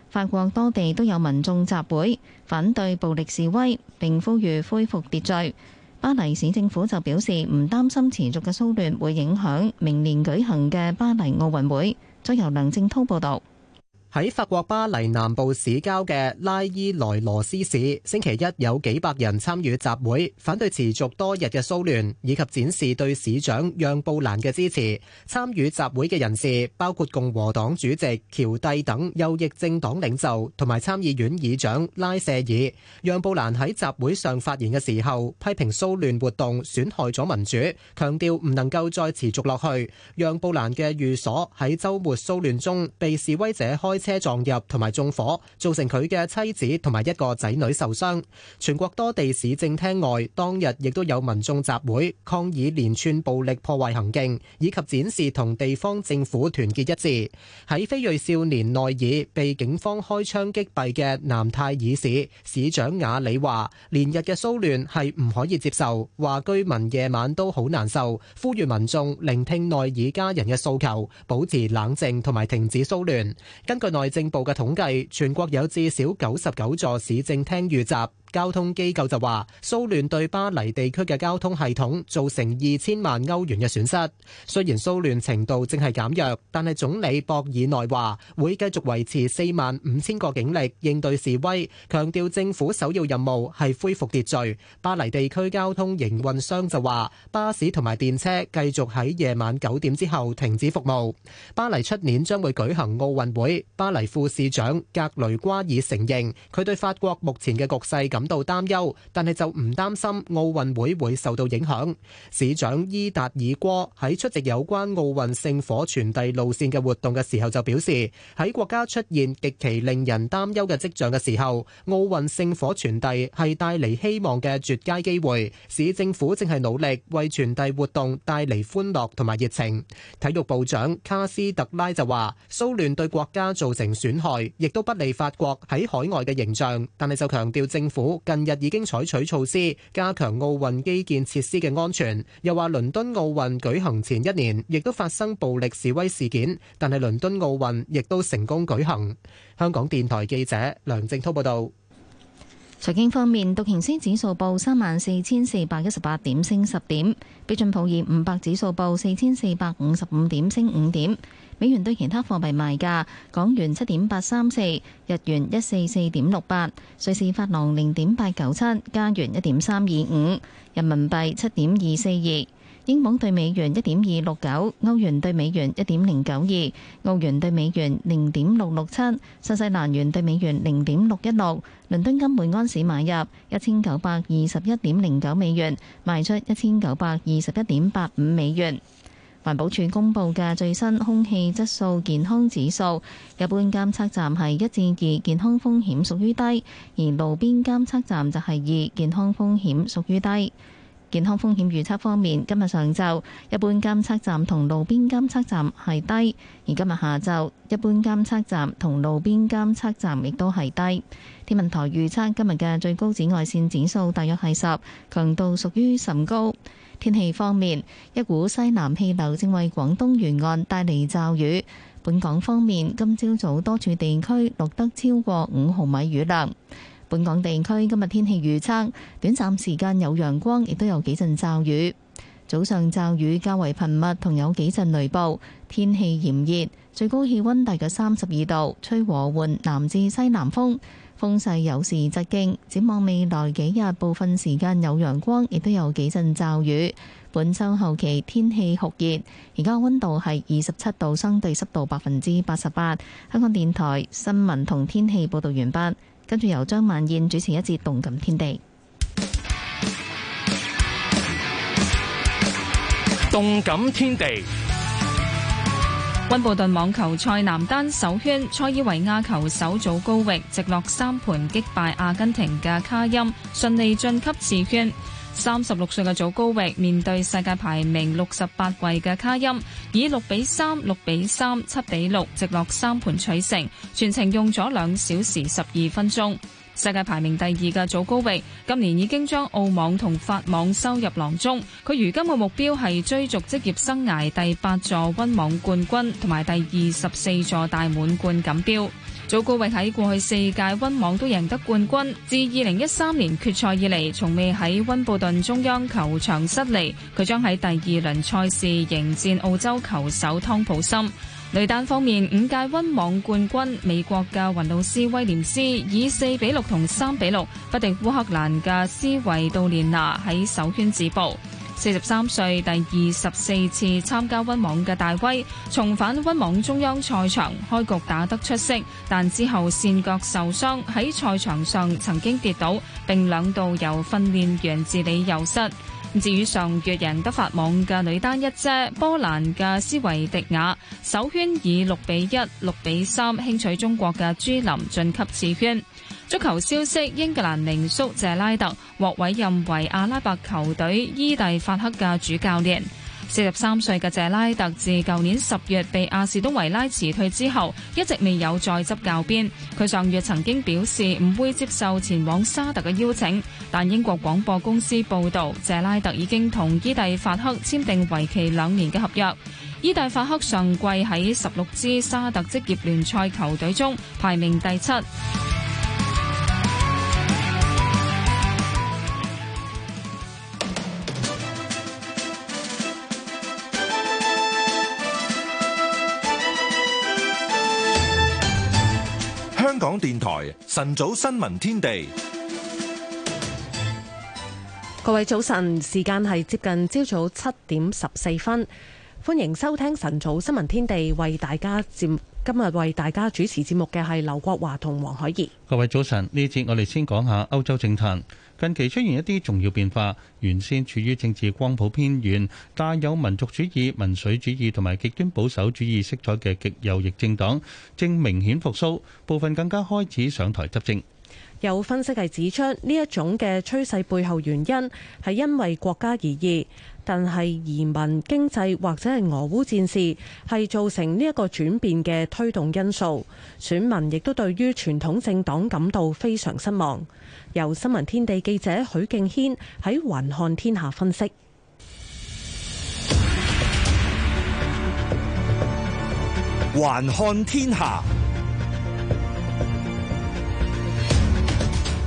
法國多地都有民眾集會，反對暴力示威，並呼籲恢復秩序。巴黎市政府就表示唔擔心持續嘅騷亂會影響明年舉行嘅巴黎奧運會。再由梁正濤報道。喺法國巴黎南部市郊嘅拉伊萊羅斯市，星期一有幾百人參與集會，反對持續多日嘅騷亂，以及展示對市長讓布蘭嘅支持。參與集會嘅人士包括共和黨主席喬蒂等右翼政黨領袖，同埋參議院議長拉舍爾。讓布蘭喺集會上發言嘅時候，批評騷亂活動損害咗民主，強調唔能夠再持續落去。讓布蘭嘅寓所喺週末騷亂中被示威者開車撞入同埋縱火，造成佢嘅妻子同埋一個仔女受傷。全國多地市政廳外當日亦都有民眾集會，抗議連串暴力破壞行徑，以及展示同地方政府團結一致。喺非裔少年內爾被警方開槍擊斃嘅南泰爾市市長雅里話，連日嘅騷亂係唔可以接受，話居民夜晚都好難受，呼籲民眾聆聽內爾家人嘅訴求，保持冷靜同埋停止騷亂。根據內政部嘅統計，全國有至少九十九座市政廳遇襲。交通機構就話，騷亂對巴黎地區嘅交通系統造成二千萬歐元嘅損失。雖然騷亂程度正係減弱，但係總理博爾內話會繼續維持四萬五千個警力應對示威，強調政府首要任務係恢復秩序。巴黎地區交通營運商就話，巴士同埋電車繼續喺夜晚九點之後停止服務。巴黎出年將會舉行奧運會，巴黎副市長格雷瓜爾承認佢對法國目前嘅局勢感度擔憂，但係就唔擔心奧運會會受到影響。市長伊達爾戈喺出席有關奧運聖火傳遞路線嘅活動嘅時候就表示，喺國家出現極其令人擔憂嘅跡象嘅時候，奧運聖火傳遞係帶嚟希望嘅絕佳機會。市政府正係努力為傳遞活動帶嚟歡樂同埋熱情。體育部長卡斯特拉就話，騷亂對國家造成損害，亦都不利法國喺海外嘅形象。但係就強調政府。近日已經採取措施加強奧運基建設施嘅安全，又話倫敦奧運舉行前一年亦都發生暴力示威事件，但係倫敦奧運亦都成功舉行。香港電台記者梁正濤報道。財經方面，道瓊斯指數報三萬四千四百一十八點，升十點；標準普爾五百指數報四千四百五十五點，升五點。美元對其他貨幣賣價：港元七點八三四，日元一四四點六八，瑞士法郎零點八九七，加元一點三二五，人民幣七點二四二，英鎊對美元一點二六九，歐元對美元一點零九二，澳元對美元零點六六七，新西蘭元對美元零點六一六。倫敦金每安士買入一千九百二十一點零九美元，賣出一千九百二十一點八五美元。環保署公布嘅最新空氣質素健康指數，一般監測站係一至二，健康風險屬於低；而路邊監測站就係二，健康風險屬於低。健康風險預測方面，今日上晝一般監測站同路邊監測站係低，而今日下晝一般監測站同路邊監測站亦都係低。天文台預測今日嘅最高紫外線指數大約係十，強度屬於甚高。天氣方面，一股西南氣流正為廣東沿岸帶嚟驟雨。本港方面，今朝早多處地區錄得超過五毫米雨量。本港地區今日天氣預測，短暫時間有陽光，亦都有幾陣驟雨。早上驟雨較為頻密，同有幾陣雷暴。天氣炎熱，最高氣溫大約三十二度，吹和緩南至西南風。風勢有時清勁，展望未來幾日，部分時間有陽光，亦都有幾陣驟雨。本周後期天氣酷熱，而家溫度係二十七度，相對濕度百分之八十八。香港電台新聞同天氣報道完畢，跟住由張萬燕主持一節《動感天地》。《動感天地》溫布頓網球賽男單首圈，塞爾維亞球手祖高域直落三盤擊敗阿根廷嘅卡欽，順利晉級次圈。三十六歲嘅祖高域面對世界排名六十八位嘅卡欽，以六比三、六比三、七比六直落三盤取勝，全程用咗兩小時十二分鐘。世界排名第二嘅祖高域，今年已經將澳網同法網收入囊中。佢如今嘅目標係追逐職業生涯第八座溫網冠軍同埋第二十四座大滿貫錦標。祖高域喺過去四屆溫網都贏得冠軍，自二零一三年決賽以嚟，從未喺溫布頓中央球場失利。佢將喺第二輪賽事迎戰澳洲球手湯普森。女單方面，五屆溫網冠軍美國嘅雲露絲威廉斯以四比六同三比六不敵烏克蘭嘅斯維杜蓮娜喺首圈止步。四十三歲第二十四次參加温網嘅大威，重返温網中央賽場，開局打得出色，但之後肩胛受傷，喺賽場上曾經跌倒，並兩度由訓練員治理油濕。至於上月贏得法網嘅女單一姐，波蘭嘅斯維迪亞，首圈以六比一、六比三輕取中國嘅朱琳，晉級次圈。足球消息，英格蘭名宿謝拉特獲委任為阿拉伯球隊伊蒂法克嘅主教練。四十三歲嘅謝拉特自舊年十月被阿士東維拉辭退之後，一直未有再執教鞭。佢上月曾經表示唔會接受前往沙特嘅邀請，但英國廣播公司報導，謝拉特已經同伊蒂法克簽訂為期兩年嘅合約。伊蒂法克上季喺十六支沙特職業聯賽球隊中排名第七。香港電台晨早新聞天地，各位早晨，時間係接近朝早七點十四分，歡迎收聽晨早新聞天地，為大家節今日為大家主持節目嘅係劉國華同黃海怡。各位早晨，呢一節我哋先講下歐洲政壇。近期出現一啲重要變化，原先處於政治光譜偏遠、帶有民族主義、民粹主義同埋極端保守主義色彩嘅極右翼政黨，正明顯復甦，部分更加開始上台執政。有分析係指出，呢一種嘅趨勢背後原因係因為國家而異，但係移民、經濟或者係俄烏戰事係造成呢一個轉變嘅推動因素。選民亦都對於傳統政黨感到非常失望。由新聞天地記者許敬軒喺《環看天下》分析，《環看天下》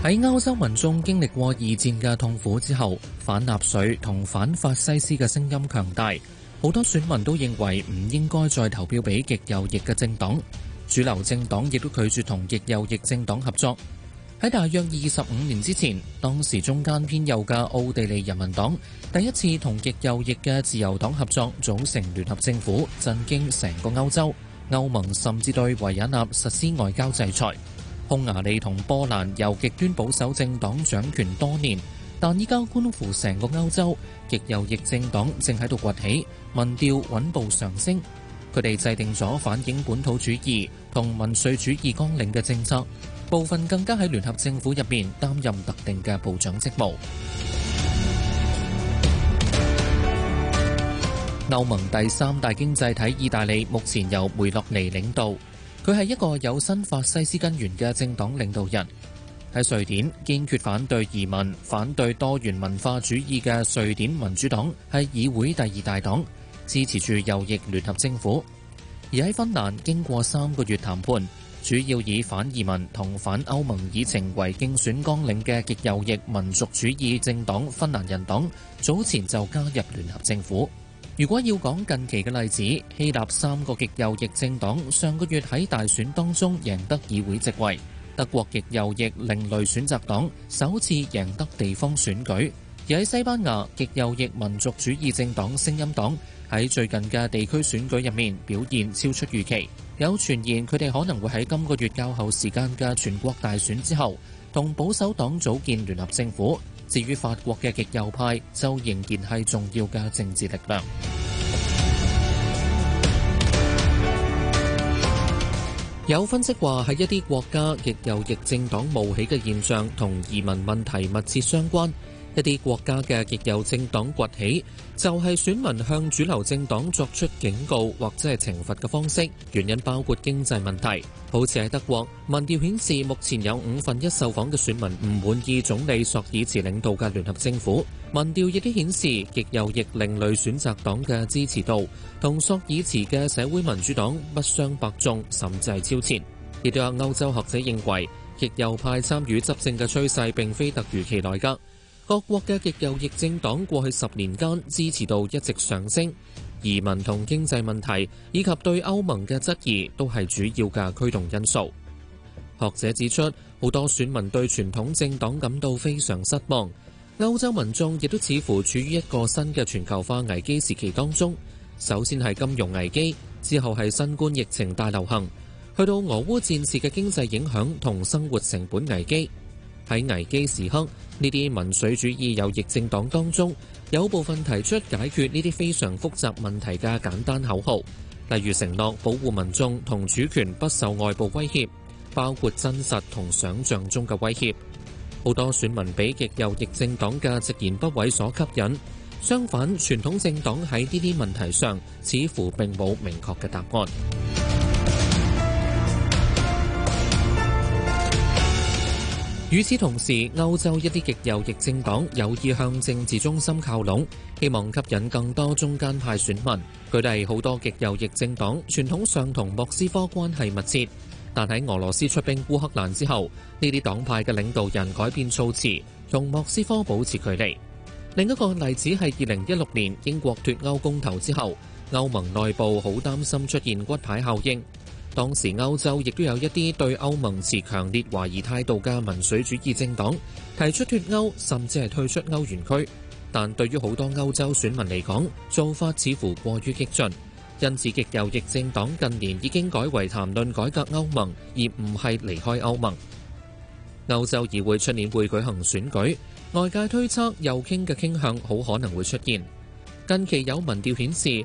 喺歐洲民眾經歷過二戰嘅痛苦之後，反納粹同反法西斯嘅聲音強大，好多選民都認為唔應該再投票俾極右翼嘅政黨，主流政黨亦都拒絕同極右翼政黨合作。喺大約二十五年之前，當時中間偏右嘅奧地利人民黨第一次同極右翼嘅自由黨合作組成聯合政府，震驚成個歐洲。歐盟甚至對維也納實施外交制裁。匈牙利同波蘭由極端保守政黨掌權多年，但依家觀乎成個歐洲，極右翼政黨正喺度崛起，民調穩步上升。佢哋制定咗反映本土主義同民粹主義綱領嘅政策。部分更加喺聯合政府入面擔任特定嘅部長職務。歐盟第三大經濟體意大利目前由梅洛尼領導，佢係一個有新法西斯根源嘅政黨領導人。喺瑞典堅決反對移民、反對多元文化主義嘅瑞典民主黨係議會第二大黨，支持住右翼聯合政府。而喺芬蘭，經過三個月談判，主要以反移民同反歐盟議程為競選綱領嘅極右翼民族主義政黨芬蘭人黨早前就加入聯合政府。如果要講近期嘅例子，希臘三個極右翼政黨上個月喺大選當中贏得議會席位，德國極右翼另類選擇黨首次贏得地方選舉，而喺西班牙極右翼民族主義政黨聲音黨喺最近嘅地區選舉入面表現超出預期。有傳言佢哋可能會喺今個月較後時間嘅全國大選之後，同保守黨組建聯合政府。至於法國嘅極右派就仍然係重要嘅政治力量。 有分析話，喺一啲國家極右翼政黨冒起嘅現象，同移民問題密切相關。一啲國家嘅極右政黨崛起，就係選民向主流政黨作出警告或者係懲罰嘅方式。原因包括經濟問題。好似喺德國，民調顯示目前有五分一受訪嘅選民唔滿意總理朔爾茨領導嘅聯合政府。民調亦都顯示極右翼另類選擇黨嘅支持度同朔爾茨嘅社會民主黨不相伯仲，甚至係超前。亦都有歐洲學者認為，極右派參與執政嘅趨勢並非突如其來㗎。各國嘅極右翼政黨過去十年間支持度一直上升，移民同經濟問題以及對歐盟嘅質疑都係主要嘅驅動因素。學者指出，好多選民對傳統政黨感到非常失望。歐洲民眾亦都似乎處於一個新嘅全球化危機時期當中。首先係金融危機，之後係新冠疫情大流行，去到俄烏戰事嘅經濟影響同生活成本危機。喺危機時刻，呢啲民粹主義右翼政黨當中有部分提出解決呢啲非常複雜問題嘅簡單口號，例如承諾保護民眾同主權不受外部威脅，包括真實同想像中嘅威脅。好多選民被極右翼政黨嘅直言不諱所吸引，相反，傳統政黨喺呢啲問題上似乎並冇明確嘅答案。與此同時，歐洲一啲極右翼政黨有意向政治中心靠攏，希望吸引更多中間派選民。佢哋好多極右翼政黨傳統上同莫斯科關係密切。但在俄羅斯出兵烏克蘭之後，這些黨派的領導人改變措辭，同莫斯科保持距離。另一個例子是2016年英國脫歐公投之後，歐盟內部好擔心出現骨牌效應。當時歐洲亦都有一啲對歐盟持強烈懷疑態度嘅民粹主義政黨提出脱歐，甚至係退出歐元區。但對於好多歐洲選民嚟講，做法似乎過於激進，因此極右翼政黨近年已經改為談論改革歐盟，而唔係離開歐盟。歐洲議會出年會舉行選舉，外界推測右傾嘅傾向好可能會出現。近期有民調顯示。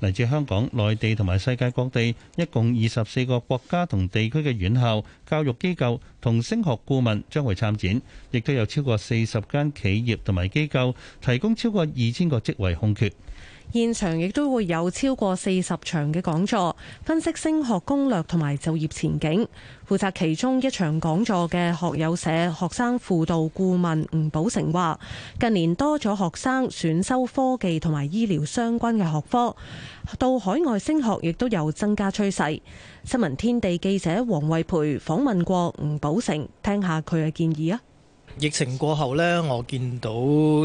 嚟自香港、內地同埋世界各地，一共二十四個國家同地區嘅院校、教育機構同升學顧問將會參展，亦都有超過四十間企業同埋機構提供超過二千個職位空缺。現場亦都會有超過四十場嘅講座，分析升學攻略同埋就業前景。負責其中一場講座嘅學友社學生輔導顧問吳寶成話：近年多咗學生選修科技同埋醫療相關嘅學科，到海外升學亦都有增加趨勢。新聞天地記者黃慧培訪問過吳寶成，聽下佢嘅建議啊！疫情過後咧，我見到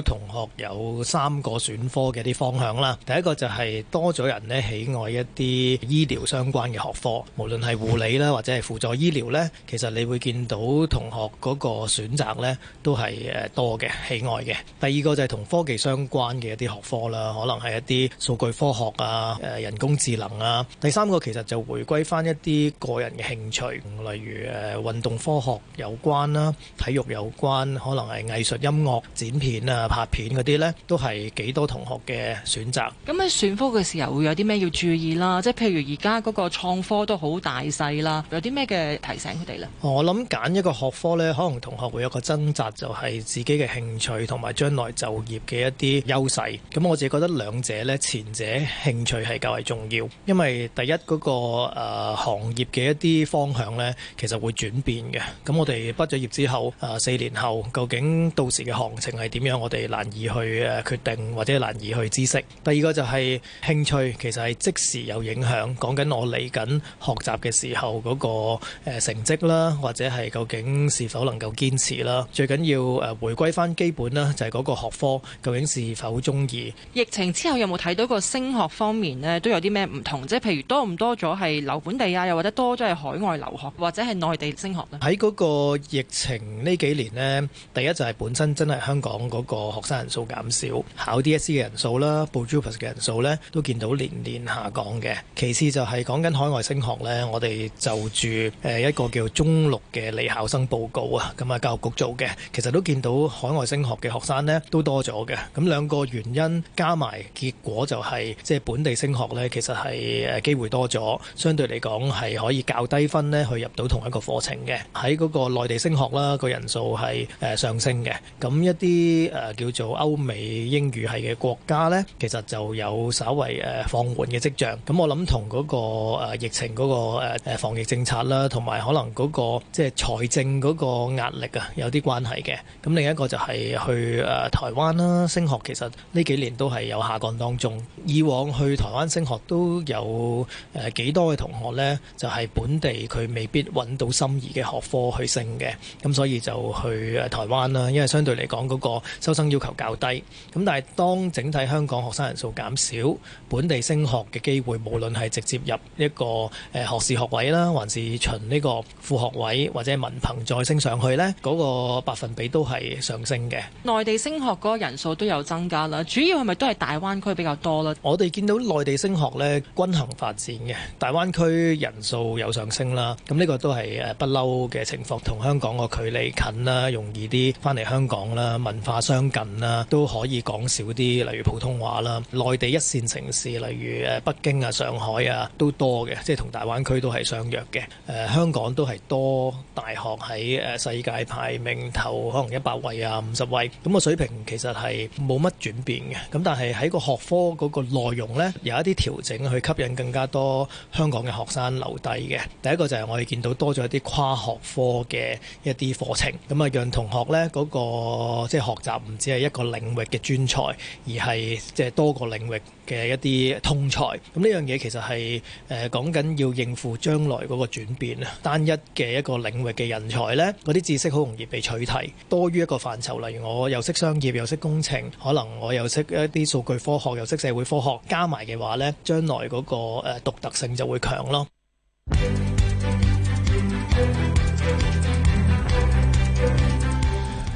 同學有三個選科嘅啲方向啦。第一個就係多咗人咧，喜愛一啲醫療相關嘅學科，無論係護理啦，或者係輔助醫療咧，其實你會見到同學嗰個選擇咧都係誒多嘅喜愛嘅。第二個就係同科技相關嘅一啲學科啦，可能係一啲數據科學啊、誒人工智能啊。第三個其實就回歸翻一啲個人嘅興趣，例如誒運動科學有關啦、體育有關。可能係藝術、音樂、剪片啊、拍片嗰啲呢，都係幾多同學嘅選擇。咁喺選科嘅時候，會有啲咩要注意啦？即係譬如而家嗰個創科都好大勢啦，有啲咩嘅提醒佢哋咧？我諗揀一個學科呢，可能同學會有個掙扎，就係自己嘅興趣同埋將來就業嘅一啲優勢。咁我自己覺得兩者呢，前者興趣係較為重要，因為第一嗰、嗰個誒、呃、行業嘅一啲方向呢，其實會轉變嘅。咁我哋畢咗業之後，誒、呃、四年後。究竟到時嘅行情係點樣？我哋難以去誒決定，或者難以去知悉。第二個就係興趣，其實係即時有影響。講緊我嚟緊學習嘅時候嗰個誒成績啦，或者係究竟是否能夠堅持啦。最緊要誒回歸翻基本啦，就係嗰個學科究竟是否中意。疫情之後有冇睇到個升學方面呢？都有啲咩唔同？即係譬如多唔多咗係留本地啊，又或者多咗係海外留學，或者係內地升學呢？喺嗰個疫情呢幾年呢。第一就係、是、本身真係香港嗰個學生人數減少，考 DSE 嘅人數啦，報 JUPAS 嘅人數咧，都見到年年下降嘅。其次就係、是、講緊海外升學咧，我哋就住誒一個叫中六嘅理考生報告啊，咁啊教育局做嘅，其實都見到海外升學嘅學生咧都多咗嘅。咁兩個原因加埋結果就係、是，即、就、係、是、本地升學咧，其實係誒機會多咗，相對嚟講係可以較低分咧去入到同一個課程嘅。喺嗰個內地升學啦，個人數係。誒、呃、上升嘅，咁一啲誒、呃、叫做歐美英語系嘅國家咧，其實就有稍微誒、呃、放緩嘅跡象。咁我諗同嗰、那個、呃、疫情嗰、那個誒、呃、防疫政策啦，同埋可能嗰、那個即係財政嗰個壓力啊，有啲關係嘅。咁另一個就係去誒、呃、台灣啦，升學其實呢幾年都係有下降當中。以往去台灣升學都有誒、呃、幾多嘅同學咧，就係、是、本地佢未必揾到心儀嘅學科去升嘅，咁所以就去。誒、台灣啦，因為相對嚟講嗰個收生要求較低，咁但係當整體香港學生人數減少，本地升學嘅機會，無論係直接入一個誒學士學位啦，還是循呢個副學位或者文憑再升上去呢，嗰個百分比都係上升嘅。內地升學嗰個人數都有增加啦，主要係咪都係大灣區比較多咧？我哋見到內地升學呢均衡發展嘅，大灣區人數有上升啦，咁呢個都係誒不嬲嘅情況，同香港個距離近啦。容易啲翻嚟香港啦，文化相近啦，都可以講少啲，例如普通話啦。內地一線城市，例如誒北京啊、上海啊，都多嘅，即係同大灣區都係相若嘅。誒、呃、香港都係多大學喺誒世界排名頭，可能一百位啊、五十位咁個水平，其實係冇乜轉變嘅。咁但係喺個學科嗰個內容呢，有一啲調整去吸引更加多香港嘅學生留低嘅。第一個就係我哋見到多咗一啲跨學科嘅一啲課程，咁啊同學呢，嗰個即係學習唔只係一個領域嘅專才，而係即係多個領域嘅一啲通才。咁呢樣嘢其實係誒講緊要應付將來嗰個轉變啊！單一嘅一個領域嘅人才呢，嗰啲知識好容易被取替。多於一個範疇，例如我又識商業又識工程，可能我又識一啲數據科學又識社會科學，加埋嘅話呢，將來嗰個誒獨特性就會強咯。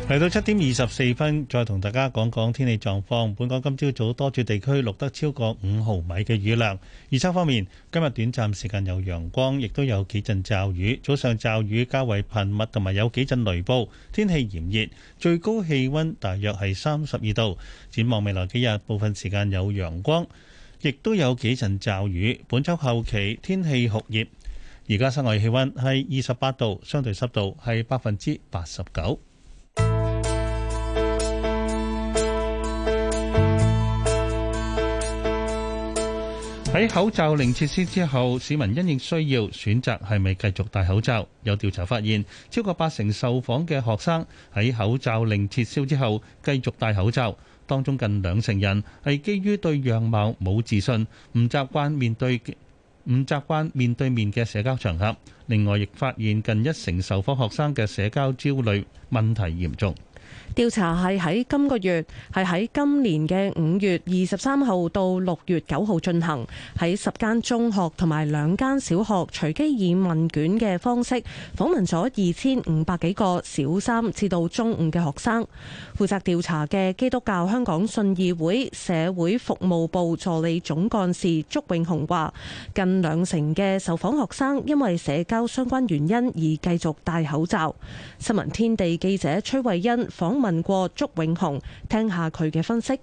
嚟到七點二十四分，再同大家講講天氣狀況。本港今朝早，早多處地區錄得超過五毫米嘅雨量。預測方面，今日短暫時間有陽光，亦都有幾陣驟雨。早上驟雨較為頻密，同埋有幾陣雷暴。天氣炎熱，最高氣温大約係三十二度。展望未來幾日，部分時間有陽光，亦都有幾陣驟雨。本周後期天氣酷熱。而家室外氣温係二十八度，相對濕度係百分之八十九。喺口罩令撤銷之後，市民因應需要選擇係咪繼續戴口罩？有調查發現，超過八成受訪嘅學生喺口罩令撤銷之後繼續戴口罩，當中近兩成人係基於對樣貌冇自信，唔習慣面對唔習慣面對面嘅社交場合。另外，亦發現近一成受訪學生嘅社交焦慮問題嚴重。調查係喺今個月，係喺今年嘅五月二十三號到六月九號進行，喺十間中學同埋兩間小學隨機以問卷嘅方式訪問咗二千五百幾個小三至到中五嘅學生。負責調查嘅基督教香港信義會社會服務部助理總幹事祝永雄話：近兩成嘅受訪學生因為社交相關原因而繼續戴口罩。新聞天地記者崔慧恩訪問。問過祝永紅，聽下佢嘅分析。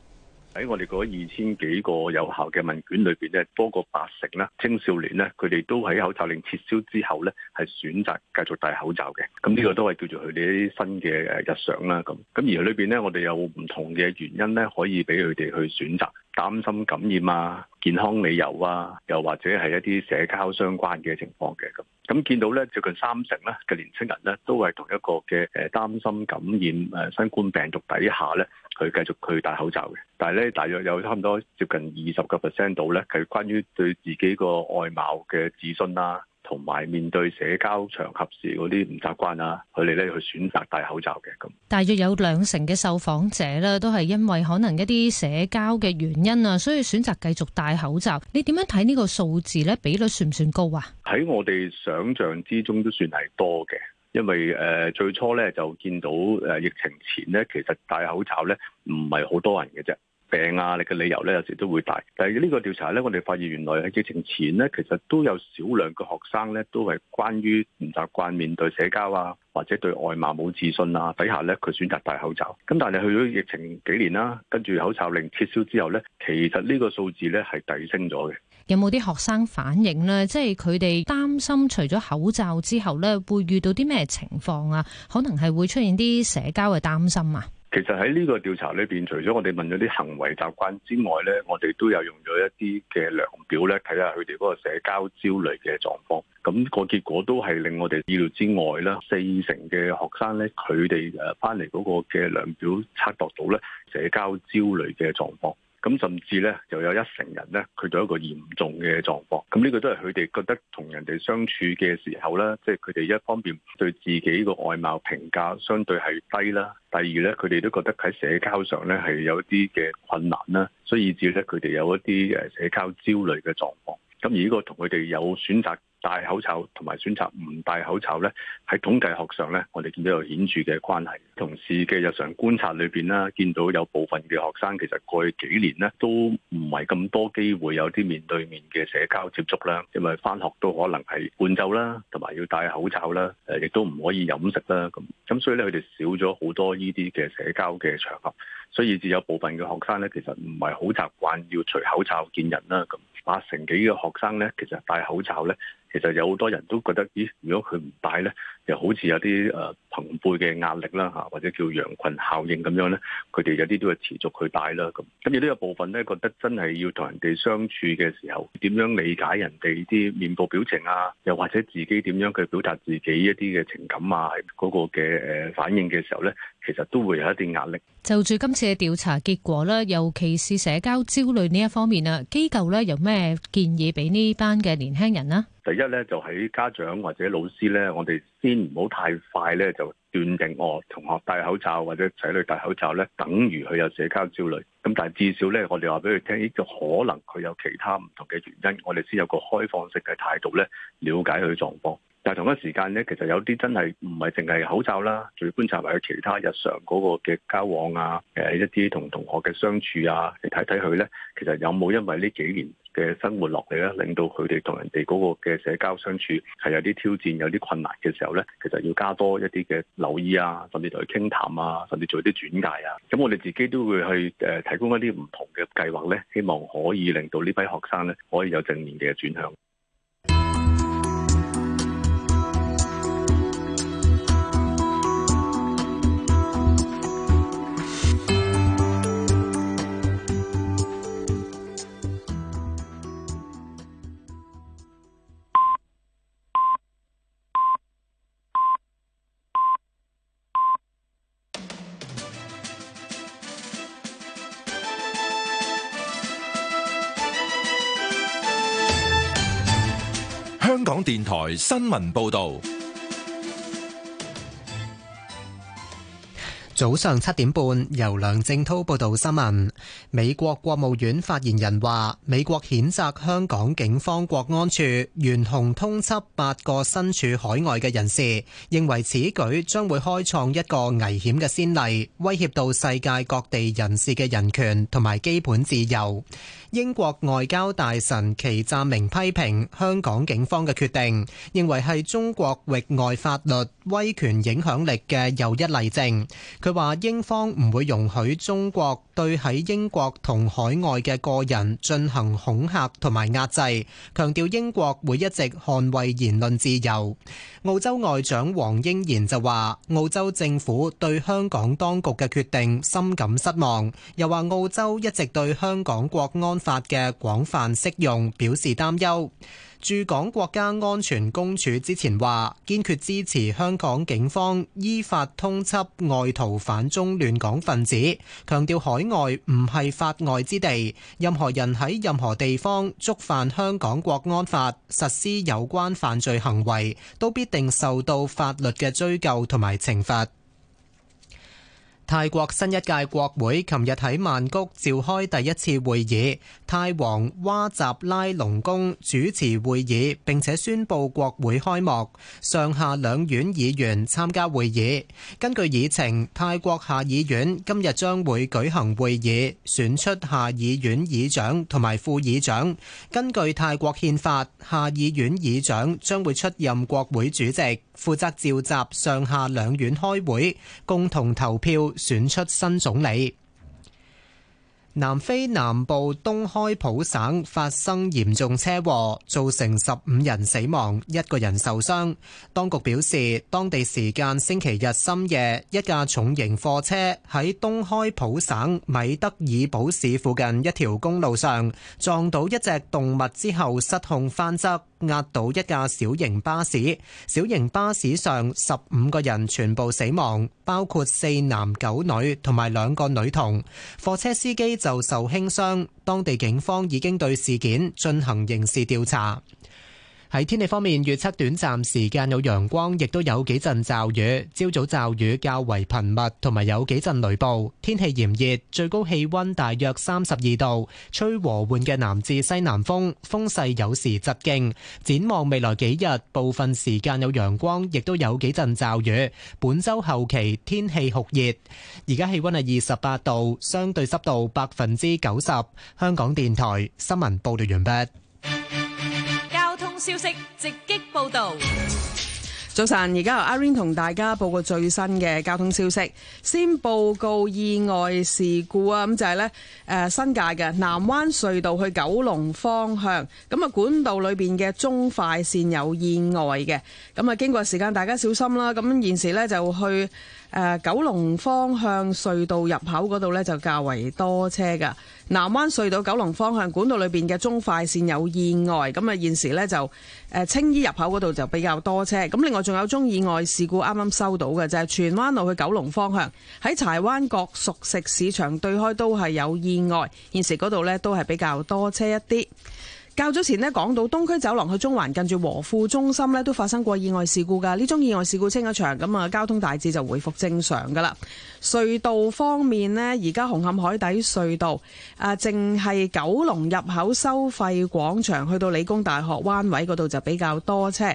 喺我哋嗰二千幾個有效嘅問卷裏邊咧，多過八成啦，青少年咧，佢哋都喺口罩令撤銷之後咧，係選擇繼續戴口罩嘅。咁呢個都係叫做佢哋啲新嘅日常啦。咁咁而裏邊咧，我哋有唔同嘅原因咧，可以俾佢哋去選擇，擔心感染啊。健康理由啊，又或者係一啲社交相關嘅情況嘅，咁，咁見到咧，接近三成咧嘅年輕人咧，都係同一個嘅誒擔心感染誒新冠病毒底下咧，佢繼續佢戴口罩嘅，但係咧大約有差唔多接近二十個 percent 度咧，係關於對自己個外貌嘅自信啦、啊。同埋面對社交場合時嗰啲唔習慣啊，佢哋咧去選擇戴口罩嘅。咁大約有兩成嘅受訪者咧，都係因為可能一啲社交嘅原因啊，所以選擇繼續戴口罩。你點樣睇呢個數字咧？比率算唔算高啊？喺我哋想像之中都算係多嘅，因為誒、呃、最初咧就見到誒疫情前咧，其實戴口罩咧唔係好多人嘅啫。病啊！你嘅理由咧，有時都會大。但係呢個調查咧，我哋發現原來喺疫情前呢，其實都有少量嘅學生咧，都係關於唔習慣面對社交啊，或者對外貌冇自信啊，底下咧佢選擇戴口罩。咁但係去咗疫情幾年啦，跟住口罩令撤銷之後咧，其實呢個數字咧係遞升咗嘅。有冇啲學生反映咧？即係佢哋擔心，除咗口罩之後咧，會遇到啲咩情況啊？可能係會出現啲社交嘅擔心啊？其實喺呢個調查裏邊，除咗我哋問咗啲行為習慣之外咧，我哋都有用咗一啲嘅量表咧，睇下佢哋嗰個社交焦慮嘅狀況。咁個結果都係令我哋意料之外啦，四成嘅學生咧，佢哋誒翻嚟嗰個嘅量表測度到咧社交焦慮嘅狀況。咁甚至咧，就有一成人咧，佢到一個嚴重嘅狀況。咁呢個都係佢哋覺得同人哋相處嘅時候咧，即係佢哋一方面對自己個外貌評價相對係低啦。第二咧，佢哋都覺得喺社交上咧係有一啲嘅困難啦，所以至咧佢哋有一啲誒社交焦慮嘅狀況。咁而呢個同佢哋有選擇戴口罩同埋選擇唔戴口罩呢，喺統計學上呢，我哋見到有顯著嘅關係。同時嘅日常觀察裏邊啦，見到有部分嘅學生其實過去幾年呢都唔係咁多機會有啲面對面嘅社交接觸啦，因為返學都可能係半晝啦，同埋要戴口罩啦，誒，亦都唔可以飲食啦，咁咁所以咧佢哋少咗好多呢啲嘅社交嘅場合，所以至有部分嘅學生呢，其實唔係好習慣要除口罩見人啦。咁八成幾嘅學生呢，其實戴口罩呢。其實有好多人都覺得，咦？如果佢唔戴呢，又好似有啲誒朋輩嘅壓力啦吓，或者叫羊群效應咁樣呢，佢哋有啲都係持續去戴啦。咁咁亦都有部分呢，覺得真係要同人哋相處嘅時候，點樣理解人哋啲面部表情啊？又或者自己點樣去表達自己一啲嘅情感啊？嗰個嘅誒反應嘅時候呢，其實都會有一啲壓力。就住今次嘅調查結果啦，尤其是社交焦慮呢一方面啊，機構呢，有咩建議俾呢班嘅年輕人咧？第一咧，就喺家長或者老師咧，我哋先唔好太快咧就斷定哦，同學戴口罩或者仔女戴口罩咧，等於佢有社交焦慮。咁但係至少咧，我哋話俾佢聽，呢個可能佢有其他唔同嘅原因，我哋先有個開放式嘅態度咧，了解佢嘅狀況。但係同一時間咧，其實有啲真係唔係淨係口罩啦，仲要觀察埋佢其他日常嗰個嘅交往啊，誒、呃、一啲同同學嘅相處啊，嚟睇睇佢咧，其實有冇因為呢幾年嘅生活落嚟咧，令到佢哋同人哋嗰個嘅社交相處係有啲挑戰、有啲困難嘅時候咧，其實要加多一啲嘅留意啊，甚至同佢傾談啊，甚至做啲轉介啊，咁我哋自己都會去誒提供一啲唔同嘅計劃咧，希望可以令到呢批學生咧可以有正面嘅轉向。香港電台新聞報道，早上七點半，由梁正濤報道新聞。美國國務院發言人話，美國譴責香港警方國安處懸紅通緝八個身處海外嘅人士，認為此舉將會開創一個危險嘅先例，威脅到世界各地人士嘅人權同埋基本自由。英國外交大臣祁湛明批評香港警方嘅決定，認為係中國域外法律威權影響力嘅又一例證，佢話英方唔會容許中國對喺英國同海外嘅個人進行恐嚇同埋壓制，強調英國會一直捍衛言論自由。澳洲外長黃英賢就話澳洲政府對香港當局嘅決定深感失望，又話澳洲一直對香港國安法嘅廣泛適用表示擔憂。駐港國家安全公署之前話，堅決支持香港警方依法通緝外逃反中亂港分子，強調海外唔係法外之地，任何人喺任何地方觸犯香港國安法，實施有關犯罪行為，都必定受到法律嘅追究同埋懲罰。泰國新一屆國會琴日喺曼谷召開第一次會議，泰王哇集拉隆功主持會議，並且宣布國會開幕，上下兩院議員參加會議。根據議程，泰國下議院今日將會舉行會議，選出下議院議長同埋副議長。根據泰國憲法，下議院議長將會出任國會主席。負責召集上下兩院開會，共同投票選出新總理。南非南部東開普省發生嚴重車禍，造成十五人死亡，一個人受傷。當局表示，當地時間星期日深夜，一架重型貨車喺東開普省米德爾堡市附近一條公路上撞到一隻動物之後失控翻側，壓倒一架小型巴士，小型巴士上十五個人全部死亡，包括四男九女同埋兩個女童。貨車司機就受輕傷，當地警方已經對事件進行刑事調查。喺天氣方面，預測短暫時間有陽光，亦都有幾陣驟雨。朝早驟雨較為頻密，同埋有幾陣雷暴。天氣炎熱，最高氣溫大約三十二度，吹和緩嘅南至西南風，風勢有時疾勁。展望未來幾日，部分時間有陽光，亦都有幾陣驟雨。本周後期天氣酷熱。而家氣溫係二十八度，相對濕度百分之九十。香港電台新聞報道完畢。消息直擊報道，早晨，而家由阿 Rain 同大家報個最新嘅交通消息。先報告意外事故啊，咁就係呢，誒新界嘅南灣隧道去九龍方向，咁啊管道裏邊嘅中快線有意外嘅，咁啊經過時間大家小心啦。咁現時呢就去誒九龍方向隧道入口嗰度呢就較為多車噶。南灣隧道九龍方向管道裏邊嘅中快綫有意外，咁啊現時咧就誒青衣入口嗰度就比較多車，咁另外仲有宗意外事故，啱啱收到嘅就係，荃灣路去九龍方向喺柴灣角熟食市場對開都係有意外，現時嗰度呢，都係比較多車一啲。較早前咧講到東區走廊去中環近住和富中心咧都發生過意外事故噶，呢宗意外事故清咗場，咁啊交通大致就回復正常噶啦。隧道方面咧，而家紅磡海底隧道啊，淨係九龍入口收費廣場去到理工大學灣位嗰度就比較多車。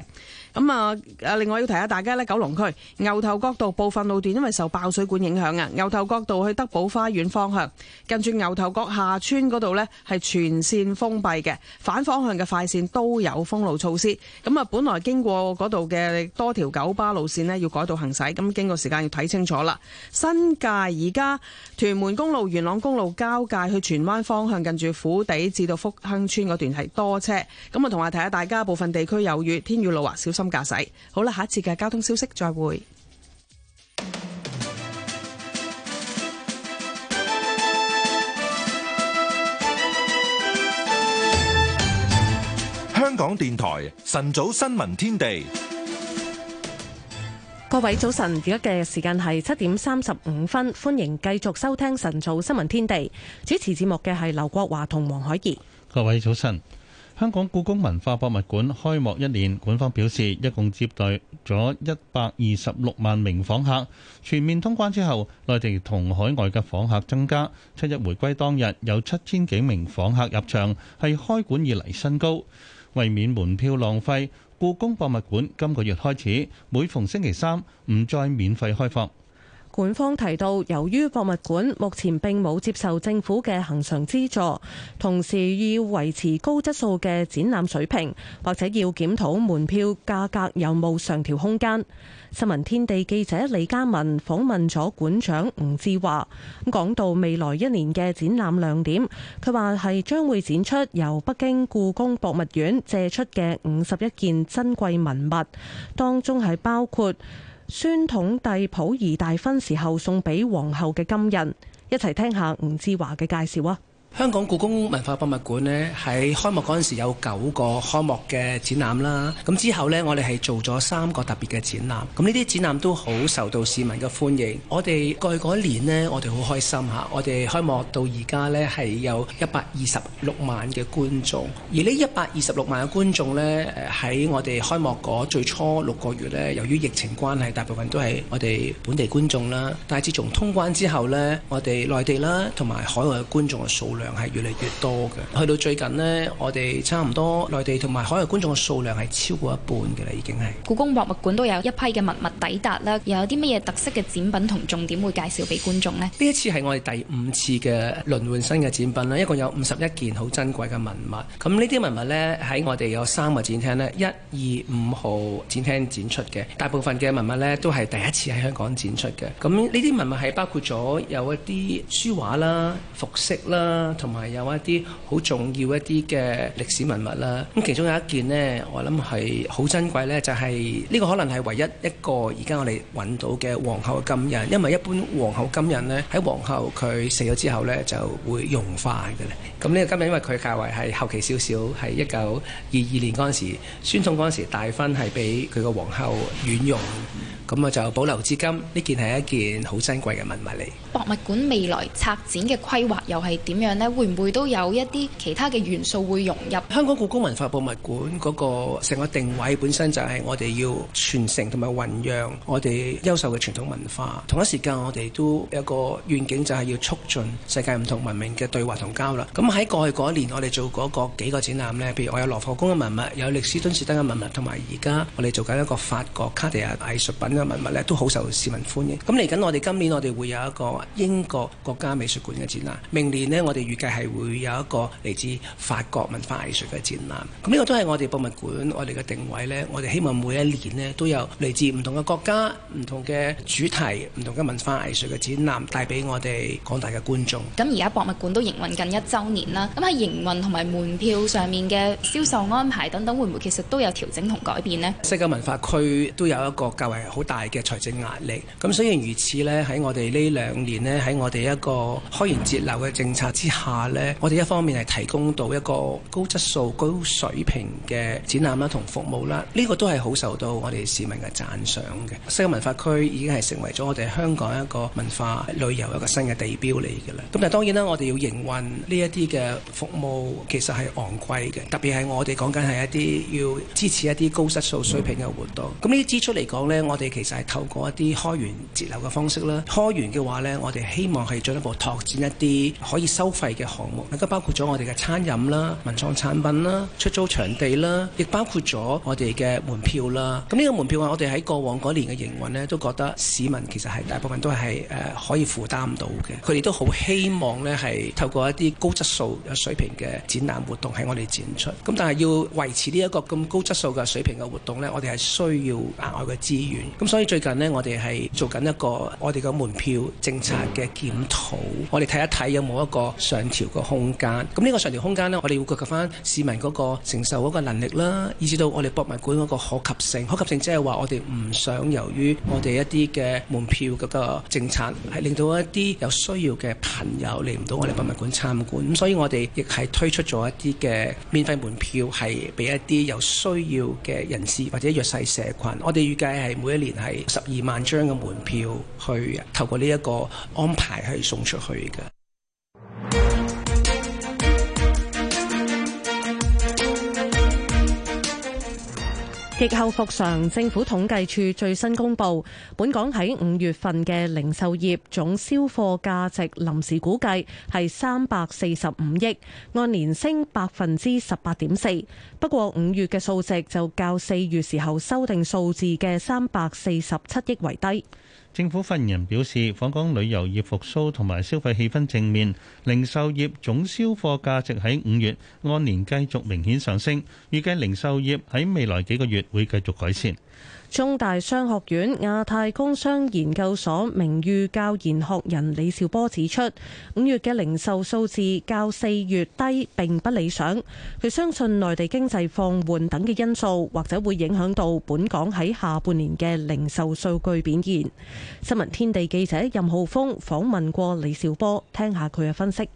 咁啊，誒，另外要提下大家咧，九龍區牛頭角道部分路段因為受爆水管影響啊，牛頭角道去德寶花園方向，近住牛頭角下村度咧，係全線封閉嘅，反方向嘅快線都有封路措施。咁啊，本來經過度嘅多條九巴路線咧，要改道行駛，咁經過時間要睇清楚啦。新界而家屯門公路、元朗公路交界去荃灣方向，近住虎地至到福亨村段係多車，咁啊，同埋提下大家，部分地區有雨，天雨路滑，小心，駕駛好啦，下一次嘅交通消息再會。香港電台晨早新聞天地，各位早晨，而家嘅時間係七點三十五分，歡迎繼續收聽晨早新聞天地。主持節目嘅係劉國華同黃海怡。各位早晨。香港故宮文化博物館開幕一年，館方表示一共接待咗一百二十六萬名訪客。全面通關之後，內地同海外嘅訪客增加。七日回歸當日有七千幾名訪客入場，係開館以嚟新高。為免門票浪費，故宮博物館今個月開始每逢星期三唔再免費開放。館方提到，由於博物館目前並冇接受政府嘅恒常資助，同時要維持高質素嘅展覽水平，或者要檢討門票價格有冇上調空間。新聞天地記者李嘉文訪問咗館長吳志華，咁講到未來一年嘅展覽亮點，佢話係將會展出由北京故宮博物院借出嘅五十一件珍貴文物，當中係包括宣統帝溥儀大婚時候送俾皇后嘅金印，一齊聽下吳志華嘅介紹啊！香港故宮文化博物館呢喺開幕嗰陣時有九個開幕嘅展覽啦，咁之後呢，我哋係做咗三個特別嘅展覽，咁呢啲展覽都好受到市民嘅歡迎。我哋過去嗰一年呢，我哋好開心嚇，我哋開幕到而家呢，係有一百二十六萬嘅觀眾，而呢一百二十六萬嘅觀眾呢，喺我哋開幕嗰最初六個月呢，由於疫情關係，大部分都係我哋本地觀眾啦。但係自從通關之後呢，我哋內地啦同埋海外嘅觀眾嘅數量，係越嚟越多嘅，去到最近呢，我哋差唔多內地同埋海外觀眾嘅數量係超過一半嘅啦，已經係。故宮博物館都有一批嘅文物抵達啦，又有啲乜嘢特色嘅展品同重點會介紹俾觀眾呢？呢一次係我哋第五次嘅輪換新嘅展品啦，一共有五十一件好珍貴嘅文物。咁呢啲文物呢，喺我哋有三個展廳呢，一、二、五號展廳展出嘅。大部分嘅文物呢，都係第一次喺香港展出嘅。咁呢啲文物係包括咗有一啲書畫啦、服飾啦。同埋有一啲好重要一啲嘅歷史文物啦，咁其中有一件咧，我諗係好珍貴咧，就係、是、呢個可能係唯一一個而家我哋揾到嘅皇后嘅金印，因為一般皇后金印咧喺皇后佢死咗之後咧就會融化嘅咧，咁呢個金印因為佢較為係後期少少，係一九二二年嗰陣時，宣統嗰陣時大婚係俾佢個皇后婉容，咁啊就保留至今，呢件係一件好珍貴嘅文物嚟。博物館未來策展嘅規劃又係點樣？咧會唔會都有一啲其他嘅元素會融入？香港故宮文化博物館嗰個成個定位本身就係我哋要傳承同埋弘揚我哋優秀嘅傳統文化。同一時間，我哋都有個願景，就係要促進世界唔同文明嘅對話同交流。咁喺過去嗰一年，我哋做嗰個幾個展覽呢，譬如我有羅浮宮嘅文物，有列支敦士登嘅文物，同埋而家我哋做緊一個法國卡地亞藝術品嘅文物咧，都好受市民歡迎。咁嚟緊，我哋今年我哋會有一個英國國家美術館嘅展覽，明年呢，我哋。預計係會有一個嚟自法國文化藝術嘅展覽，咁、這、呢個都係我哋博物館我哋嘅定位咧，我哋希望每一年咧都有嚟自唔同嘅國家、唔同嘅主題、唔同嘅文化藝術嘅展覽帶俾我哋廣大嘅觀眾，咁而家博物館都營運近一周年啦，咁喺營運同埋門票上面嘅銷售安排等等，會唔會其實都有調整同改變咧？西九文化區都有一個較為好大嘅財政壓力，咁雖然如此咧，喺我哋呢兩年咧，喺我哋一個開源節流嘅政策之下。下呢，我哋一方面係提供到一個高質素、高水平嘅展覽啦，同服務啦，呢個都係好受到我哋市民嘅讚賞嘅。西九文化區已經係成為咗我哋香港一個文化旅遊一個新嘅地標嚟嘅啦。咁但係當然啦，我哋要營運呢一啲嘅服務其實係昂貴嘅，特別係我哋講緊係一啲要支持一啲高質素水平嘅活動，咁呢啲支出嚟講咧，我哋其實係透過一啲開源節流嘅方式啦。開源嘅話咧，我哋希望係進一步拓展一啲可以收嘅項目，更加包括咗我哋嘅餐飲啦、文創產品啦、出租場地啦，亦包括咗我哋嘅門票啦。咁呢個門票啊，我哋喺過往嗰年嘅營運咧，都覺得市民其實，係大部分都係誒、呃、可以負擔到嘅。佢哋都好希望咧，係透過一啲高質素嘅水平嘅展覽活動覽，喺我哋展出。咁但係要維持呢一個咁高質素嘅水平嘅活動咧，我哋係需要額外嘅資源。咁所以最近咧，我哋係做緊一個我哋嘅門票政策嘅檢討，我哋睇一睇有冇一個。上調個空間，咁呢個上調空間呢，我哋會顧及翻市民嗰個承受嗰個能力啦。以至到我哋博物館嗰個可及性，可及性即係話我哋唔想由於我哋一啲嘅門票嗰個政策，係令到一啲有需要嘅朋友嚟唔到我哋博物館參觀。咁所以我哋亦係推出咗一啲嘅免費門票，係俾一啲有需要嘅人士或者弱勢社群。我哋預計係每一年係十二萬張嘅門票去透過呢一個安排去送出去嘅。疫後復常，政府統計處最新公布，本港喺五月份嘅零售業總銷貨價值臨時估計係三百四十五億，按年升百分之十八點四。不過五月嘅數值就較四月時候修訂數字嘅三百四十七億為低。政府發言人表示，訪港旅遊業復甦同埋消費氣氛正面，零售業總銷貨價值喺五月按年繼續明顯上升，預計零售業喺未來幾個月會繼續改善。中大商學院亞太工商研究所名譽教研學人李兆波指出，五月嘅零售數字較四月低，並不理想。佢相信內地經濟放緩等嘅因素，或者會影響到本港喺下半年嘅零售數據表現。新聞天地記者任浩峰訪問過李兆波，聽下佢嘅分析。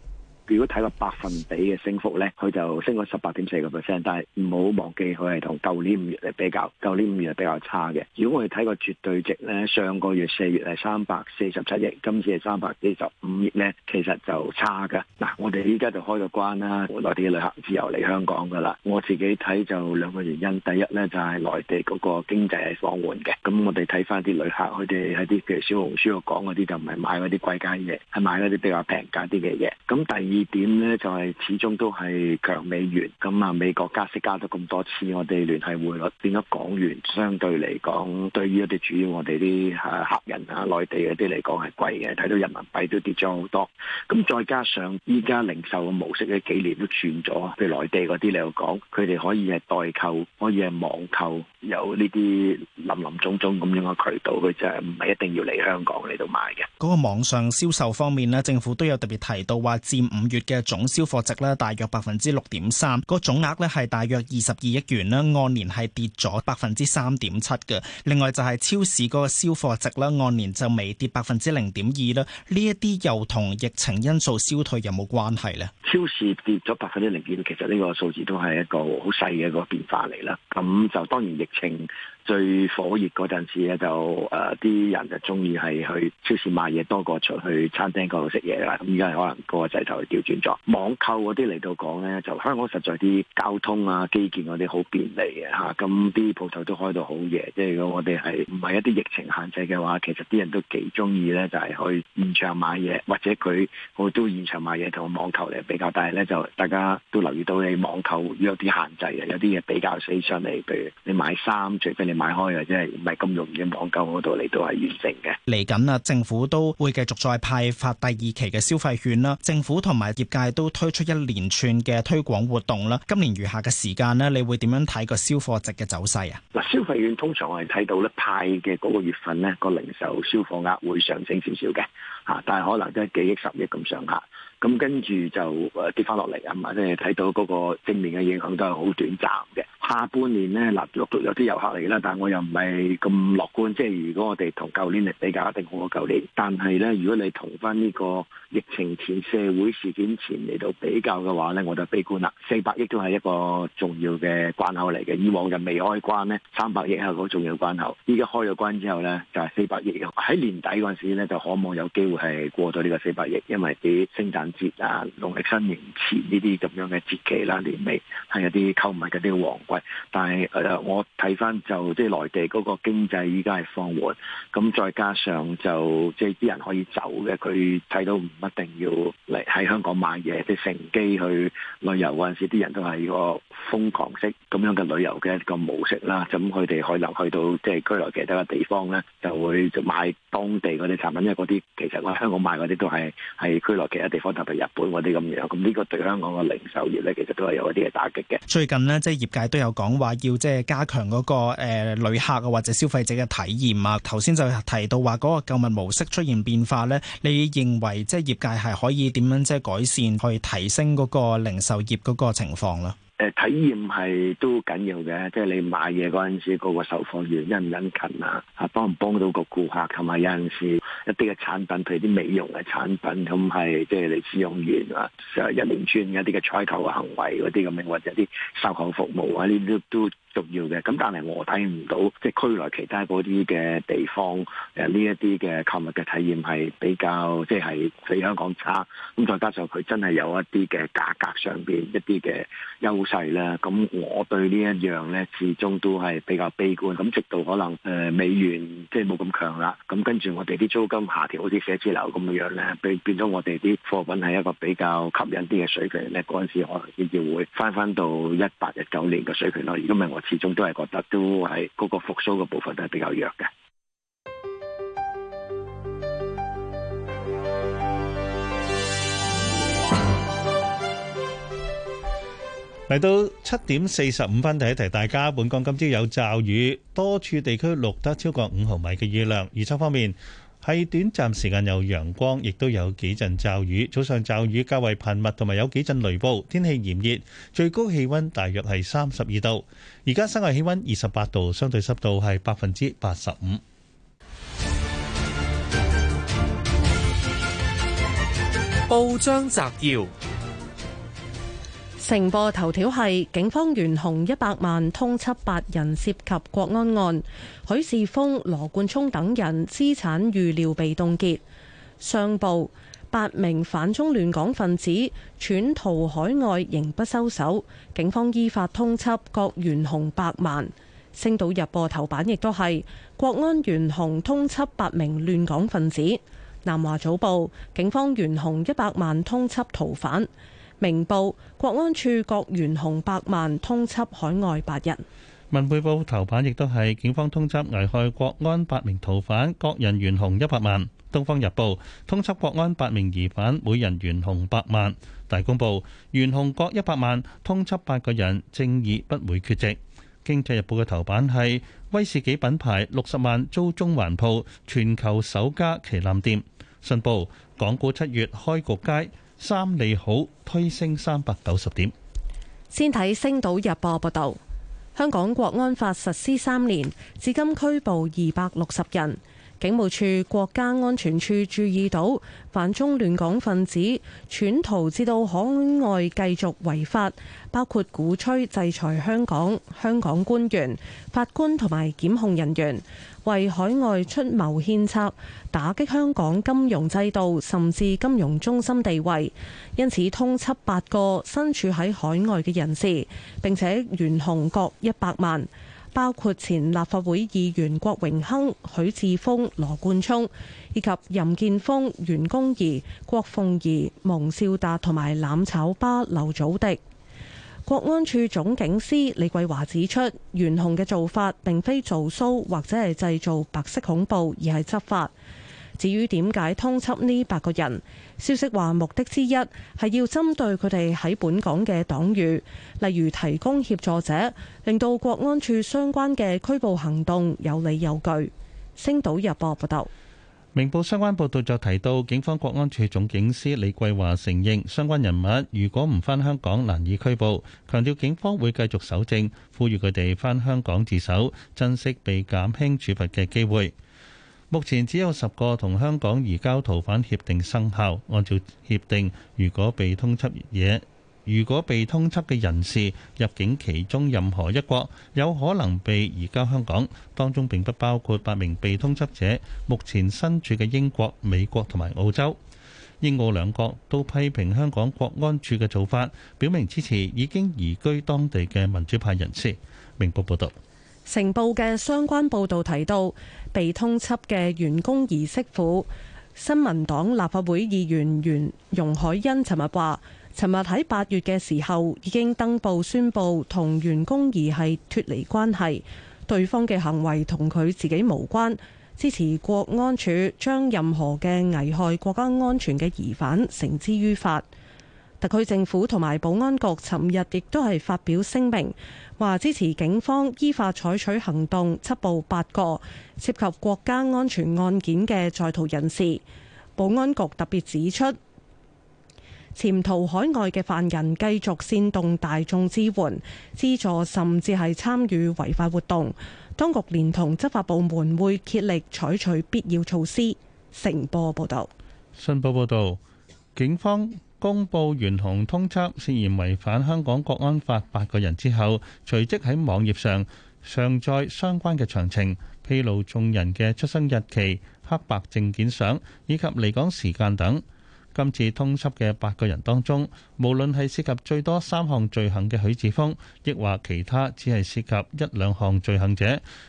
如果睇個百分比嘅升幅咧，佢就升咗十八點四個 percent，但係唔好忘記佢係同舊年五月嚟比較，舊年五月係比較差嘅。如果我哋睇個絕對值咧，上個月四月係三百四十七億，今次係三百四十五億咧，其實就差噶。嗱，我哋依家就開咗關啦，內地嘅旅客自由嚟香港噶啦。我自己睇就兩個原因，第一咧就係內地嗰個經濟係放緩嘅，咁我哋睇翻啲旅客，佢哋喺啲譬如小紅書度講嗰啲就唔係買嗰啲貴價嘢，係買嗰啲比較平價啲嘅嘢。咁第二，點咧就係始終都係強美元，咁啊美國加息加咗咁多次，我哋聯繫匯率變咗港元，相對嚟講對於一啲主要我哋啲客人啊，內地嗰啲嚟講係貴嘅，睇到人民幣都跌咗好多。咁再加上依家零售嘅模式呢幾年都轉咗，譬如內地嗰啲你又講，佢哋可以係代購，可以係網購，有呢啲林林總總咁樣嘅渠道，佢就係唔係一定要嚟香港嚟到買嘅。嗰個網上銷售方面咧，政府都有特別提到話佔五月嘅總銷貨值咧，大約百分之六點三，個總額咧係大約二十二億元咧，按年係跌咗百分之三點七嘅。另外就係超市嗰個銷貨值咧，按年就未跌百分之零點二啦。呢一啲又同疫情因素消退有冇關係呢？超市跌咗百分之零點，其實呢個數字都係一個好細嘅一個變化嚟啦。咁就當然疫情。最火熱嗰陣時咧，就誒啲、呃、人就中意係去超市買嘢多過出去餐廳嗰度食嘢啦。咁而家可能個掣頭調轉咗，網購嗰啲嚟到講咧，就香港實在啲交通啊、基建嗰啲好便利嘅嚇，咁啲鋪頭都開到好夜，即係如果我哋係唔係一啲疫情限制嘅話，其實啲人都幾中意咧，就係去現場買嘢，或者佢好多現場買嘢同網購嚟比較。但係咧就大家都留意到，你網購有啲限制嘅，有啲嘢比較死傷嚟。譬如你買衫，除非你。買開嘅即係唔係咁容易網購嗰度嚟，都係完成嘅。嚟緊啊，政府都會繼續再派發第二期嘅消費券啦。政府同埋業界都推出一連串嘅推廣活動啦。今年餘下嘅時間咧，你會點樣睇個銷貨值嘅走勢啊？嗱，消費券通常我哋睇到咧，派嘅嗰個月份咧，個零售銷貨額會上升少少嘅，吓，但係可能都係幾億十億咁上下。咁跟住就跌翻落嚟啊嘛，即係睇到嗰個正面嘅影響都係好短暫嘅。下半年咧，嗱，陸續有啲遊客嚟啦，但係我又唔係咁樂觀。即係如果我哋同舊年嚟比較，一定好過舊年。但係咧，如果你同翻呢個疫情前、社會事件前嚟到比較嘅話咧，我就悲觀啦。四百億都係一個重要嘅關口嚟嘅。以往就未開關咧，三百億係好重要關口。依家開咗關之後咧，就係四百億。喺年底嗰陣時咧，就可望有機會係過到呢個四百億，因為啲聖誕節啊，農曆新年前呢啲咁樣嘅節期啦，年尾係有啲購物嘅啲旺季。但係、呃、我睇翻就即係內地嗰個經濟依家係放緩，咁再加上就即係啲人可以走嘅，佢睇到唔一定要嚟喺香港買嘢，啲、即係、乘機去旅遊嗰陣時，啲人都係一個瘋狂式咁樣嘅旅遊嘅一個模式啦。咁佢哋可能去到即係區內其他嘅地方咧，就會買當地嗰啲產品，因為嗰啲其實我香港買嗰啲都係係區內其他地方。譬如日本嗰啲咁樣，咁、這、呢個對香港嘅零售業咧，其實都係有一啲嘅打擊嘅。最近呢，即係業界都有講話要即係加強嗰個旅客啊，或者消費者嘅體驗啊。頭先就提到話嗰個購物模式出現變化咧，你認為即係業界係可以點樣即係改善，去提升嗰個零售業嗰個情況咧？誒體驗係都緊要嘅，即係你買嘢嗰陣時，嗰個售貨員殷唔殷勤啊？嚇，幫唔幫到個顧客？同埋有陣時一啲嘅產品，譬如啲美容嘅產品，咁係即係你使用完啊，一連串一啲嘅採購行為嗰啲咁樣，或者啲售後服務啊呢啲都重要嘅，咁但係我睇唔到，即係區內其他嗰啲嘅地方，誒呢一啲嘅購物嘅體驗係比較，即係比香港差。咁、嗯、再加上佢真係有一啲嘅價格上面一啲嘅優勢啦，咁我對呢一樣咧，始終都係比較悲觀。咁直到可能誒、呃、美元即係冇咁強啦，咁跟住我哋啲租金下調，好似寫字樓咁嘅樣咧，變變咗我哋啲貨品係一個比較吸引啲嘅水平咧，嗰陣時可能亦都會翻翻到一八一九年嘅水平咯。如果唔係我。始終都係覺得都喺嗰個復甦嘅部分都係比較弱嘅。嚟到七點四十五分，提提大家，本港今朝有驟雨，多處地區錄得超過五毫米嘅雨量。預測方面。喺短暫時間有陽光，亦都有幾陣驟雨。早上驟雨較為頻密，同埋有，有幾陣雷暴。天氣炎熱，最高氣溫大約係三十二度。而家室外氣溫二十八度，相對濕度係百分之八十五。報章摘要。停播頭條，係警方懸紅一百萬通緝八人涉及國安案，許智峯羅冠聰等人資產預料被凍結。上報八名反中亂港分子竄逃海外仍不收手，警方依法通緝各懸紅百萬。星島日報頭版亦都係國安懸紅通緝八名亂港分子。南華早報警方懸紅一百萬通緝逃犯。明報、國安處各懸紅百萬通緝海外八人。文匯報頭版亦都係警方通緝危害國安八名逃犯，各人懸紅一百萬。東方日報通緝國安八名疑犯，每人懸紅百萬。大公報懸紅各一百萬，通緝八個人，正義不會缺席。經濟日報嘅頭版係威士忌品牌六十萬租中環鋪，全球首家旗艦店。信報港股七月開局街。三利好推升三百九十點。先睇《星島日報》報道，香港國安法實施三年，至今拘捕二百六十人。警務處國家安全處注意到，反中亂港分子竄逃至到海外繼續違法，包括鼓吹制裁香港、香港官員、法官同埋檢控人員。為海外出謀獻策，打擊香港金融制度，甚至金融中心地位，因此通緝八個身處喺海外嘅人士，並且懸紅各一百萬，包括前立法會議員郭榮鏗、許智峰、羅冠聰，以及任建峰、袁公儀、郭鳳儀、蒙少達同埋攬炒巴劉祖迪。國安處總警司李桂華指出，懸紅嘅做法並非做騷，或者係製造白色恐怖，而係執法。至於點解通緝呢八個人，消息話目的之一係要針對佢哋喺本港嘅黨羽，例如提供協助者，令到國安處相關嘅拘捕行動有理有據。星島日報報道。明報相關報導就提到，警方國安處總警司李桂華承認，相關人物如果唔返香港，難以拘捕。強調警方會繼續搜證，呼籲佢哋返香港自首，珍惜被減輕處罰嘅機會。目前只有十個同香港移交逃犯協定生效，按照協定，如果被通緝嘢。如果被通緝嘅人士入境其中任何一國，有可能被移交香港。當中並不包括八名被通緝者目前身處嘅英國、美國同埋澳洲。英澳兩國都批評香港國安處嘅做法，表明支持已經移居當地嘅民主派人士。明報報道成報嘅相關報道提到，被通緝嘅袁弓夷媳婦、新民黨立法會議員袁容海恩，尋日話。尋日喺八月嘅時候已經登報宣佈同袁弓夷係脫離關係，對方嘅行為同佢自己無關，支持國安處將任何嘅危害國家安全嘅疑犯，繩之於法。特區政府同埋保安局尋日亦都係發表聲明，話支持警方依法採取行動，緝捕八個涉及國家安全案件嘅在逃人士。保安局特別指出。潛逃海外嘅犯人繼續煽動大眾支援、資助甚至係參與違法活動，當局連同執法部門會竭力採取必要措施。成波報道：「《信報報道，警方公布懸紅通緝涉嫌違反香港國安法八個人之後，隨即喺網頁上上載相關嘅詳情，披露眾人嘅出生日期、黑白證件相以及離港時間等。今次通緝嘅八個人當中，無論係涉及最多三項罪行嘅許智峯，亦或其他只係涉及一兩項罪行者，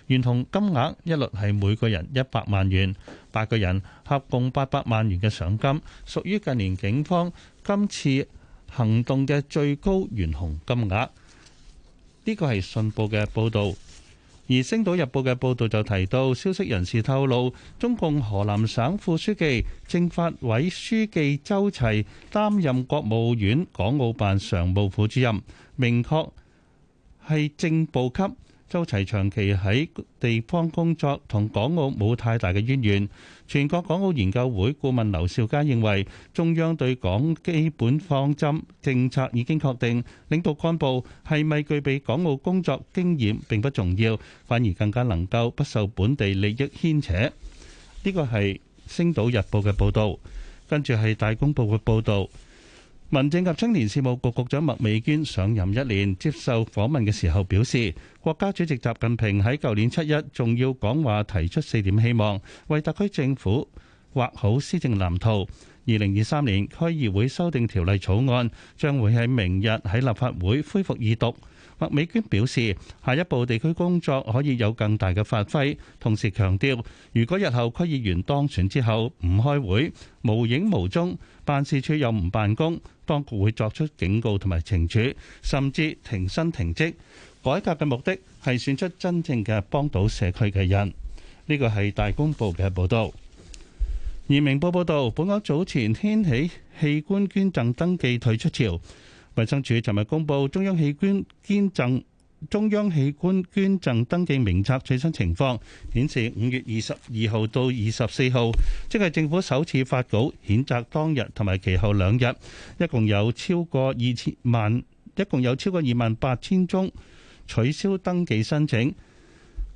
懸紅金額一律係每個人一百萬元，八個人合共八百萬元嘅賞金，屬於近年警方今次行動嘅最高懸紅金額。呢個係信報嘅報道。而《星島日報》嘅報導就提到，消息人士透露，中共河南省副書記、政法委書記周齊擔任國務院港澳辦常務副主任，明確係正部級。周齊長期喺地方工作，同港澳冇太大嘅淵源。全國港澳研究會顧問劉少佳認為，中央對港基本方針政策已經確定，領導幹部係咪具備港澳工作經驗並不重要，反而更加能夠不受本地利益牽扯。呢個係《星島日報》嘅報導，跟住係《大公報》嘅報導。民政及青年事務局局長麥美娟上任一年，接受訪問嘅時候表示，國家主席習近平喺舊年七一重要講話提出四點希望，為特區政府劃好施政藍圖。二零二三年區議會修訂條例草案，將會喺明日喺立法會恢復二讀。麥美娟表示，下一步地區工作可以有更大嘅發揮。同時強調，如果日後區議員當選之後唔開會、無影無蹤，辦事處又唔辦公，當局會作出警告同埋懲處，甚至停薪停職。改革嘅目的係選出真正嘅幫到社區嘅人。呢個係大公報嘅報道。而明報報道，本港早前掀起器官捐贈登記退出潮。衛生署尋日公布中央器官捐贈中央器官捐贈登記名冊最新情況，顯示五月二十二號到二十四號，即係政府首次發稿譴責當日同埋其後兩日，一共有超過二千萬，一共有超過二萬八千宗取消登記申請，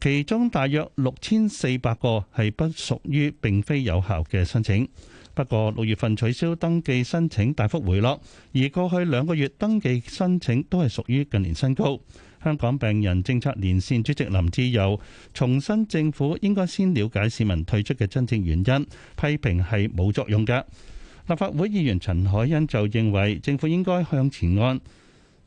其中大約六千四百個係不屬於，並非有效嘅申請。不過六月份取消登記申請大幅回落，而過去兩個月登記申請都係屬於近年新高。香港病人政策連線主席林志佑重申政府應該先了解市民退出嘅真正原因，批評係冇作用㗎。立法會議員陳海恩就認為政府應該向前看。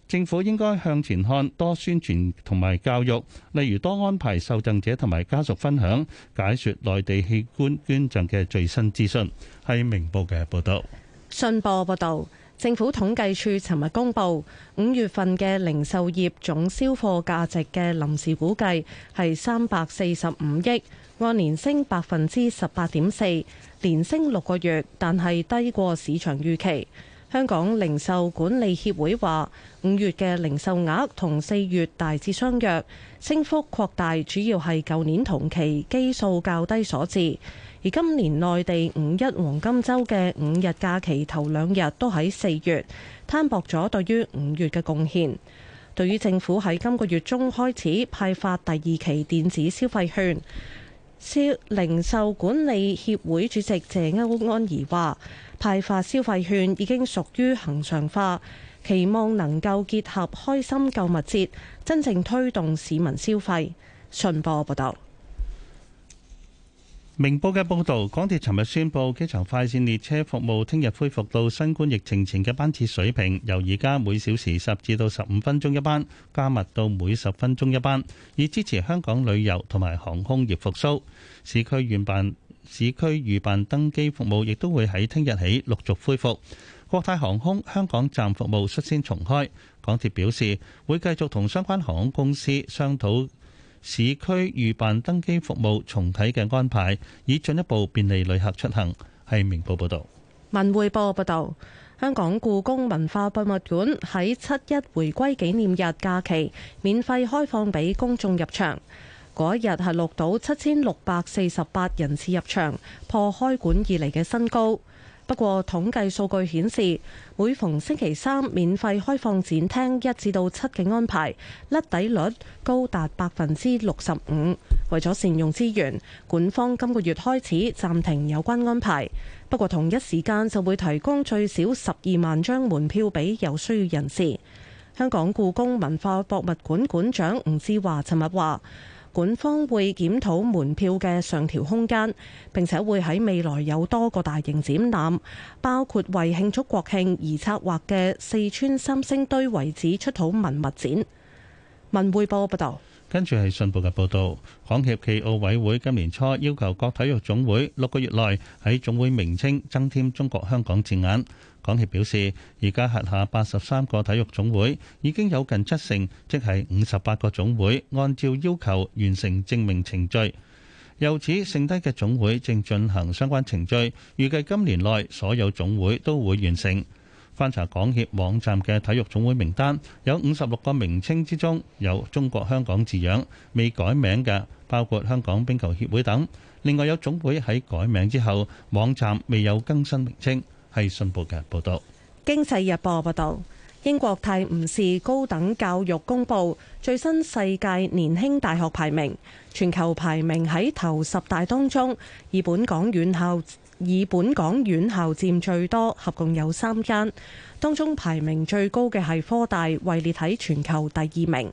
政府應該向前看，多宣傳同埋教育，例如多安排受贈者同埋家屬分享解説內地器官捐贈嘅最新資訊。係明報嘅報道。信報報道，政府統計處尋日公布五月份嘅零售業總銷貨價值嘅臨時估計係三百四十五億，按年升百分之十八點四，連升六個月，但係低過市場預期。香港零售管理協會話五月嘅零售額同四月大致相若，升幅擴大主要係舊年同期基數較低所致。而今年內地五一黃金周嘅五日假期頭兩日都喺四月，攤薄咗對於五月嘅貢獻，對於政府喺今個月中開始派發第二期電子消費券，銷零售管理協會主席謝邱安儀話。派發消費券已經屬於恒常化，期望能夠結合開心購物節，真正推動市民消費。信報報道。明報嘅報道，港鐵尋日宣布，機場快線列車服務聽日恢復到新冠疫情前嘅班次水平，由而家每小時十至到十五分鐘一班，加密到每十分鐘一班，以支持香港旅遊同埋航空業復甦。市區院辦。市區預辦登機服務亦都會喺聽日起陸續恢復。國泰航空香港站服務率先重開，港鐵表示會繼續同相關航空公司商討市區預辦登機服務重啟嘅安排，以進一步便利旅客出行。係明報報道。文匯報報道，香港故宮文化博物館喺七一回歸紀念日假期免費開放俾公眾入場。嗰一日係錄到七千六百四十八人次入場，破開館以嚟嘅新高。不過統計數據顯示，每逢星期三免費開放展廳一至到七嘅安排甩底率高達百分之六十五。為咗善用資源，館方今個月開始暫停有關安排。不過同一時間就會提供最少十二萬張門票俾有需要人士。香港故宮文化博物館館長吳志華尋日話。本方會檢討門票嘅上調空間，並且會喺未來有多個大型展覽，包括為慶祝國慶而策劃嘅四川三星堆遺址出土文物展。文匯報報道。跟住係信報嘅報道，港協暨奧委會今年初要求各體育總會六個月內喺總會名稱增添中國香港字眼。港協表示，而家轄下八十三個體育總會已經有近七成，即係五十八個總會，按照要求完成證明程序。由此剩低嘅總會正進行相關程序，預計今年內所有總會都會完成。翻查港協網站嘅體育總會名單，有五十六個名稱之中有中國香港字樣，未改名嘅包括香港冰球協會等。另外有總會喺改名之後，網站未有更新名稱。係信報嘅報道，《經濟日報》報道，英國泰晤士高等教育公布最新世界年輕大學排名，全球排名喺頭十大當中，以本港院校以本港院校佔最多，合共有三間，當中排名最高嘅係科大，位列喺全球第二名。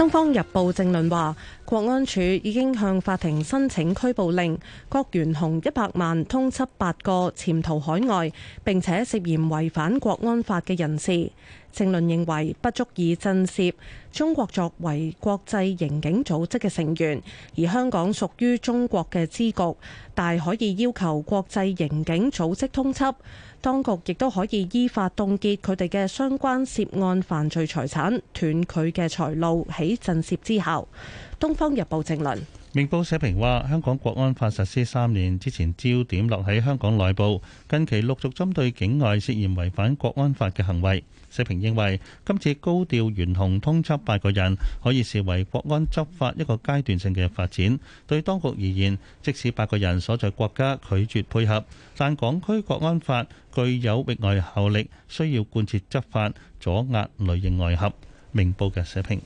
《東方日報》正論話，國安署已經向法庭申請拘捕令，各懸紅一百萬通緝八個潛逃海外並且涉嫌違反國安法嘅人士。正論認為不足以震懾中國作為國際刑警組織嘅成員，而香港屬於中國嘅支局，但可以要求國際刑警組織通緝。當局亦都可以依法凍結佢哋嘅相關涉案犯罪財產，斷佢嘅財路，起震懾之效。《東方日報》正論，明報社評話，香港國安法實施三年之前，焦點落喺香港內部，近期陸續針對境外涉嫌違反國安法嘅行為。社評認為，今次高調懸紅通緝八個人，可以視為國安執法一個階段性嘅發展。對當局而言，即使八個人所在國家拒絕配合，但港區國安法具有域外效力，需要貫徹執法，阻壓類型外合。明報嘅社評。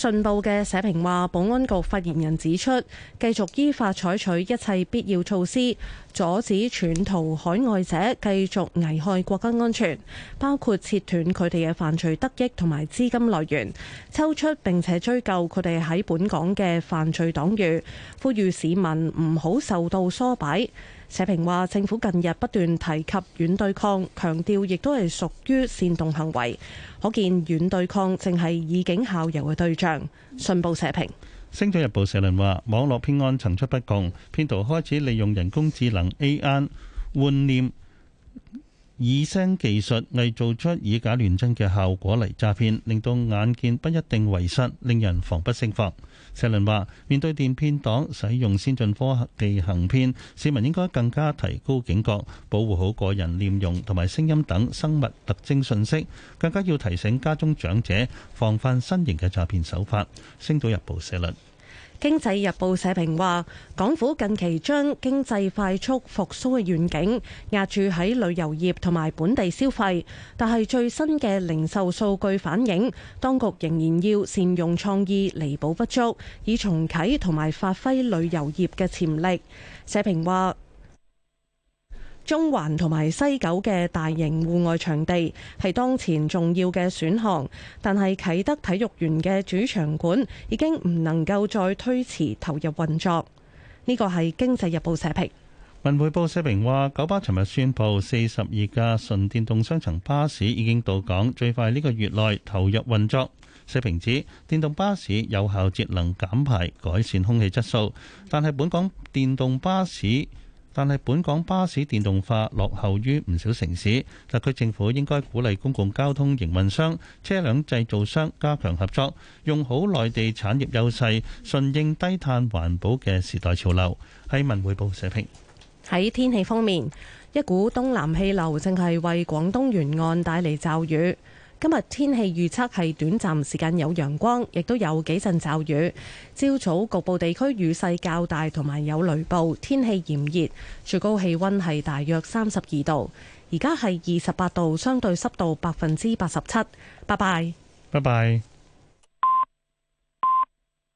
信報嘅社評話，保安局發言人指出，繼續依法採取一切必要措施，阻止串逃海外者繼續危害國家安全，包括切斷佢哋嘅犯罪得益同埋資金來源，抽出並且追究佢哋喺本港嘅犯罪黨羽，呼籲市民唔好受到唆擺。社評話，政府近日不斷提及軟對抗，強調亦都係屬於煽動行為，可見軟對抗正係以儆效尤嘅對象。信報社評，星島日報社論話，網絡偏安層出不窮，騙徒開始利用人工智能 A I 換念以聲技術，偽造出以假亂真嘅效果嚟詐騙，令到眼見不一定為實，令人防不勝防。社論話，面對電騙黨使用先進科技行騙，市民應該更加提高警覺，保護好個人臉容同埋聲音等生物特徵信息，更加要提醒家中長者防範新型嘅詐騙手法。星島日報社論。經濟日報社評話，港府近期將經濟快速復蘇嘅願景押注喺旅遊業同埋本地消費，但係最新嘅零售數據反映，當局仍然要善用創意彌補不足，以重啟同埋發揮旅遊業嘅潛力。社評話。中環同埋西九嘅大型戶外場地係當前重要嘅選項，但係啟德體育園嘅主場館已經唔能夠再推遲投入運作。呢個係《經濟日報》社評。文匯報社評話，九巴尋日宣布，四十二架純電動雙層巴士已經到港，最快呢個月內投入運作。社評指電動巴士有效節能減排、改善空氣質素，但係本港電動巴士。但係，本港巴士電動化落後於唔少城市，特區政府應該鼓勵公共交通營運商、車輛製造商加強合作，用好內地產業優勢，順應低碳環保嘅時代潮流。係文匯報社評。喺天氣方面，一股東南氣流正係為廣東沿岸帶嚟驟雨。今日天氣預測係短暫時間有陽光，亦都有幾陣驟雨。朝早局部地區雨勢較大，同埋有雷暴。天氣炎熱，最高氣溫係大約三十二度。而家係二十八度，相對濕度百分之八十七。拜拜，拜拜。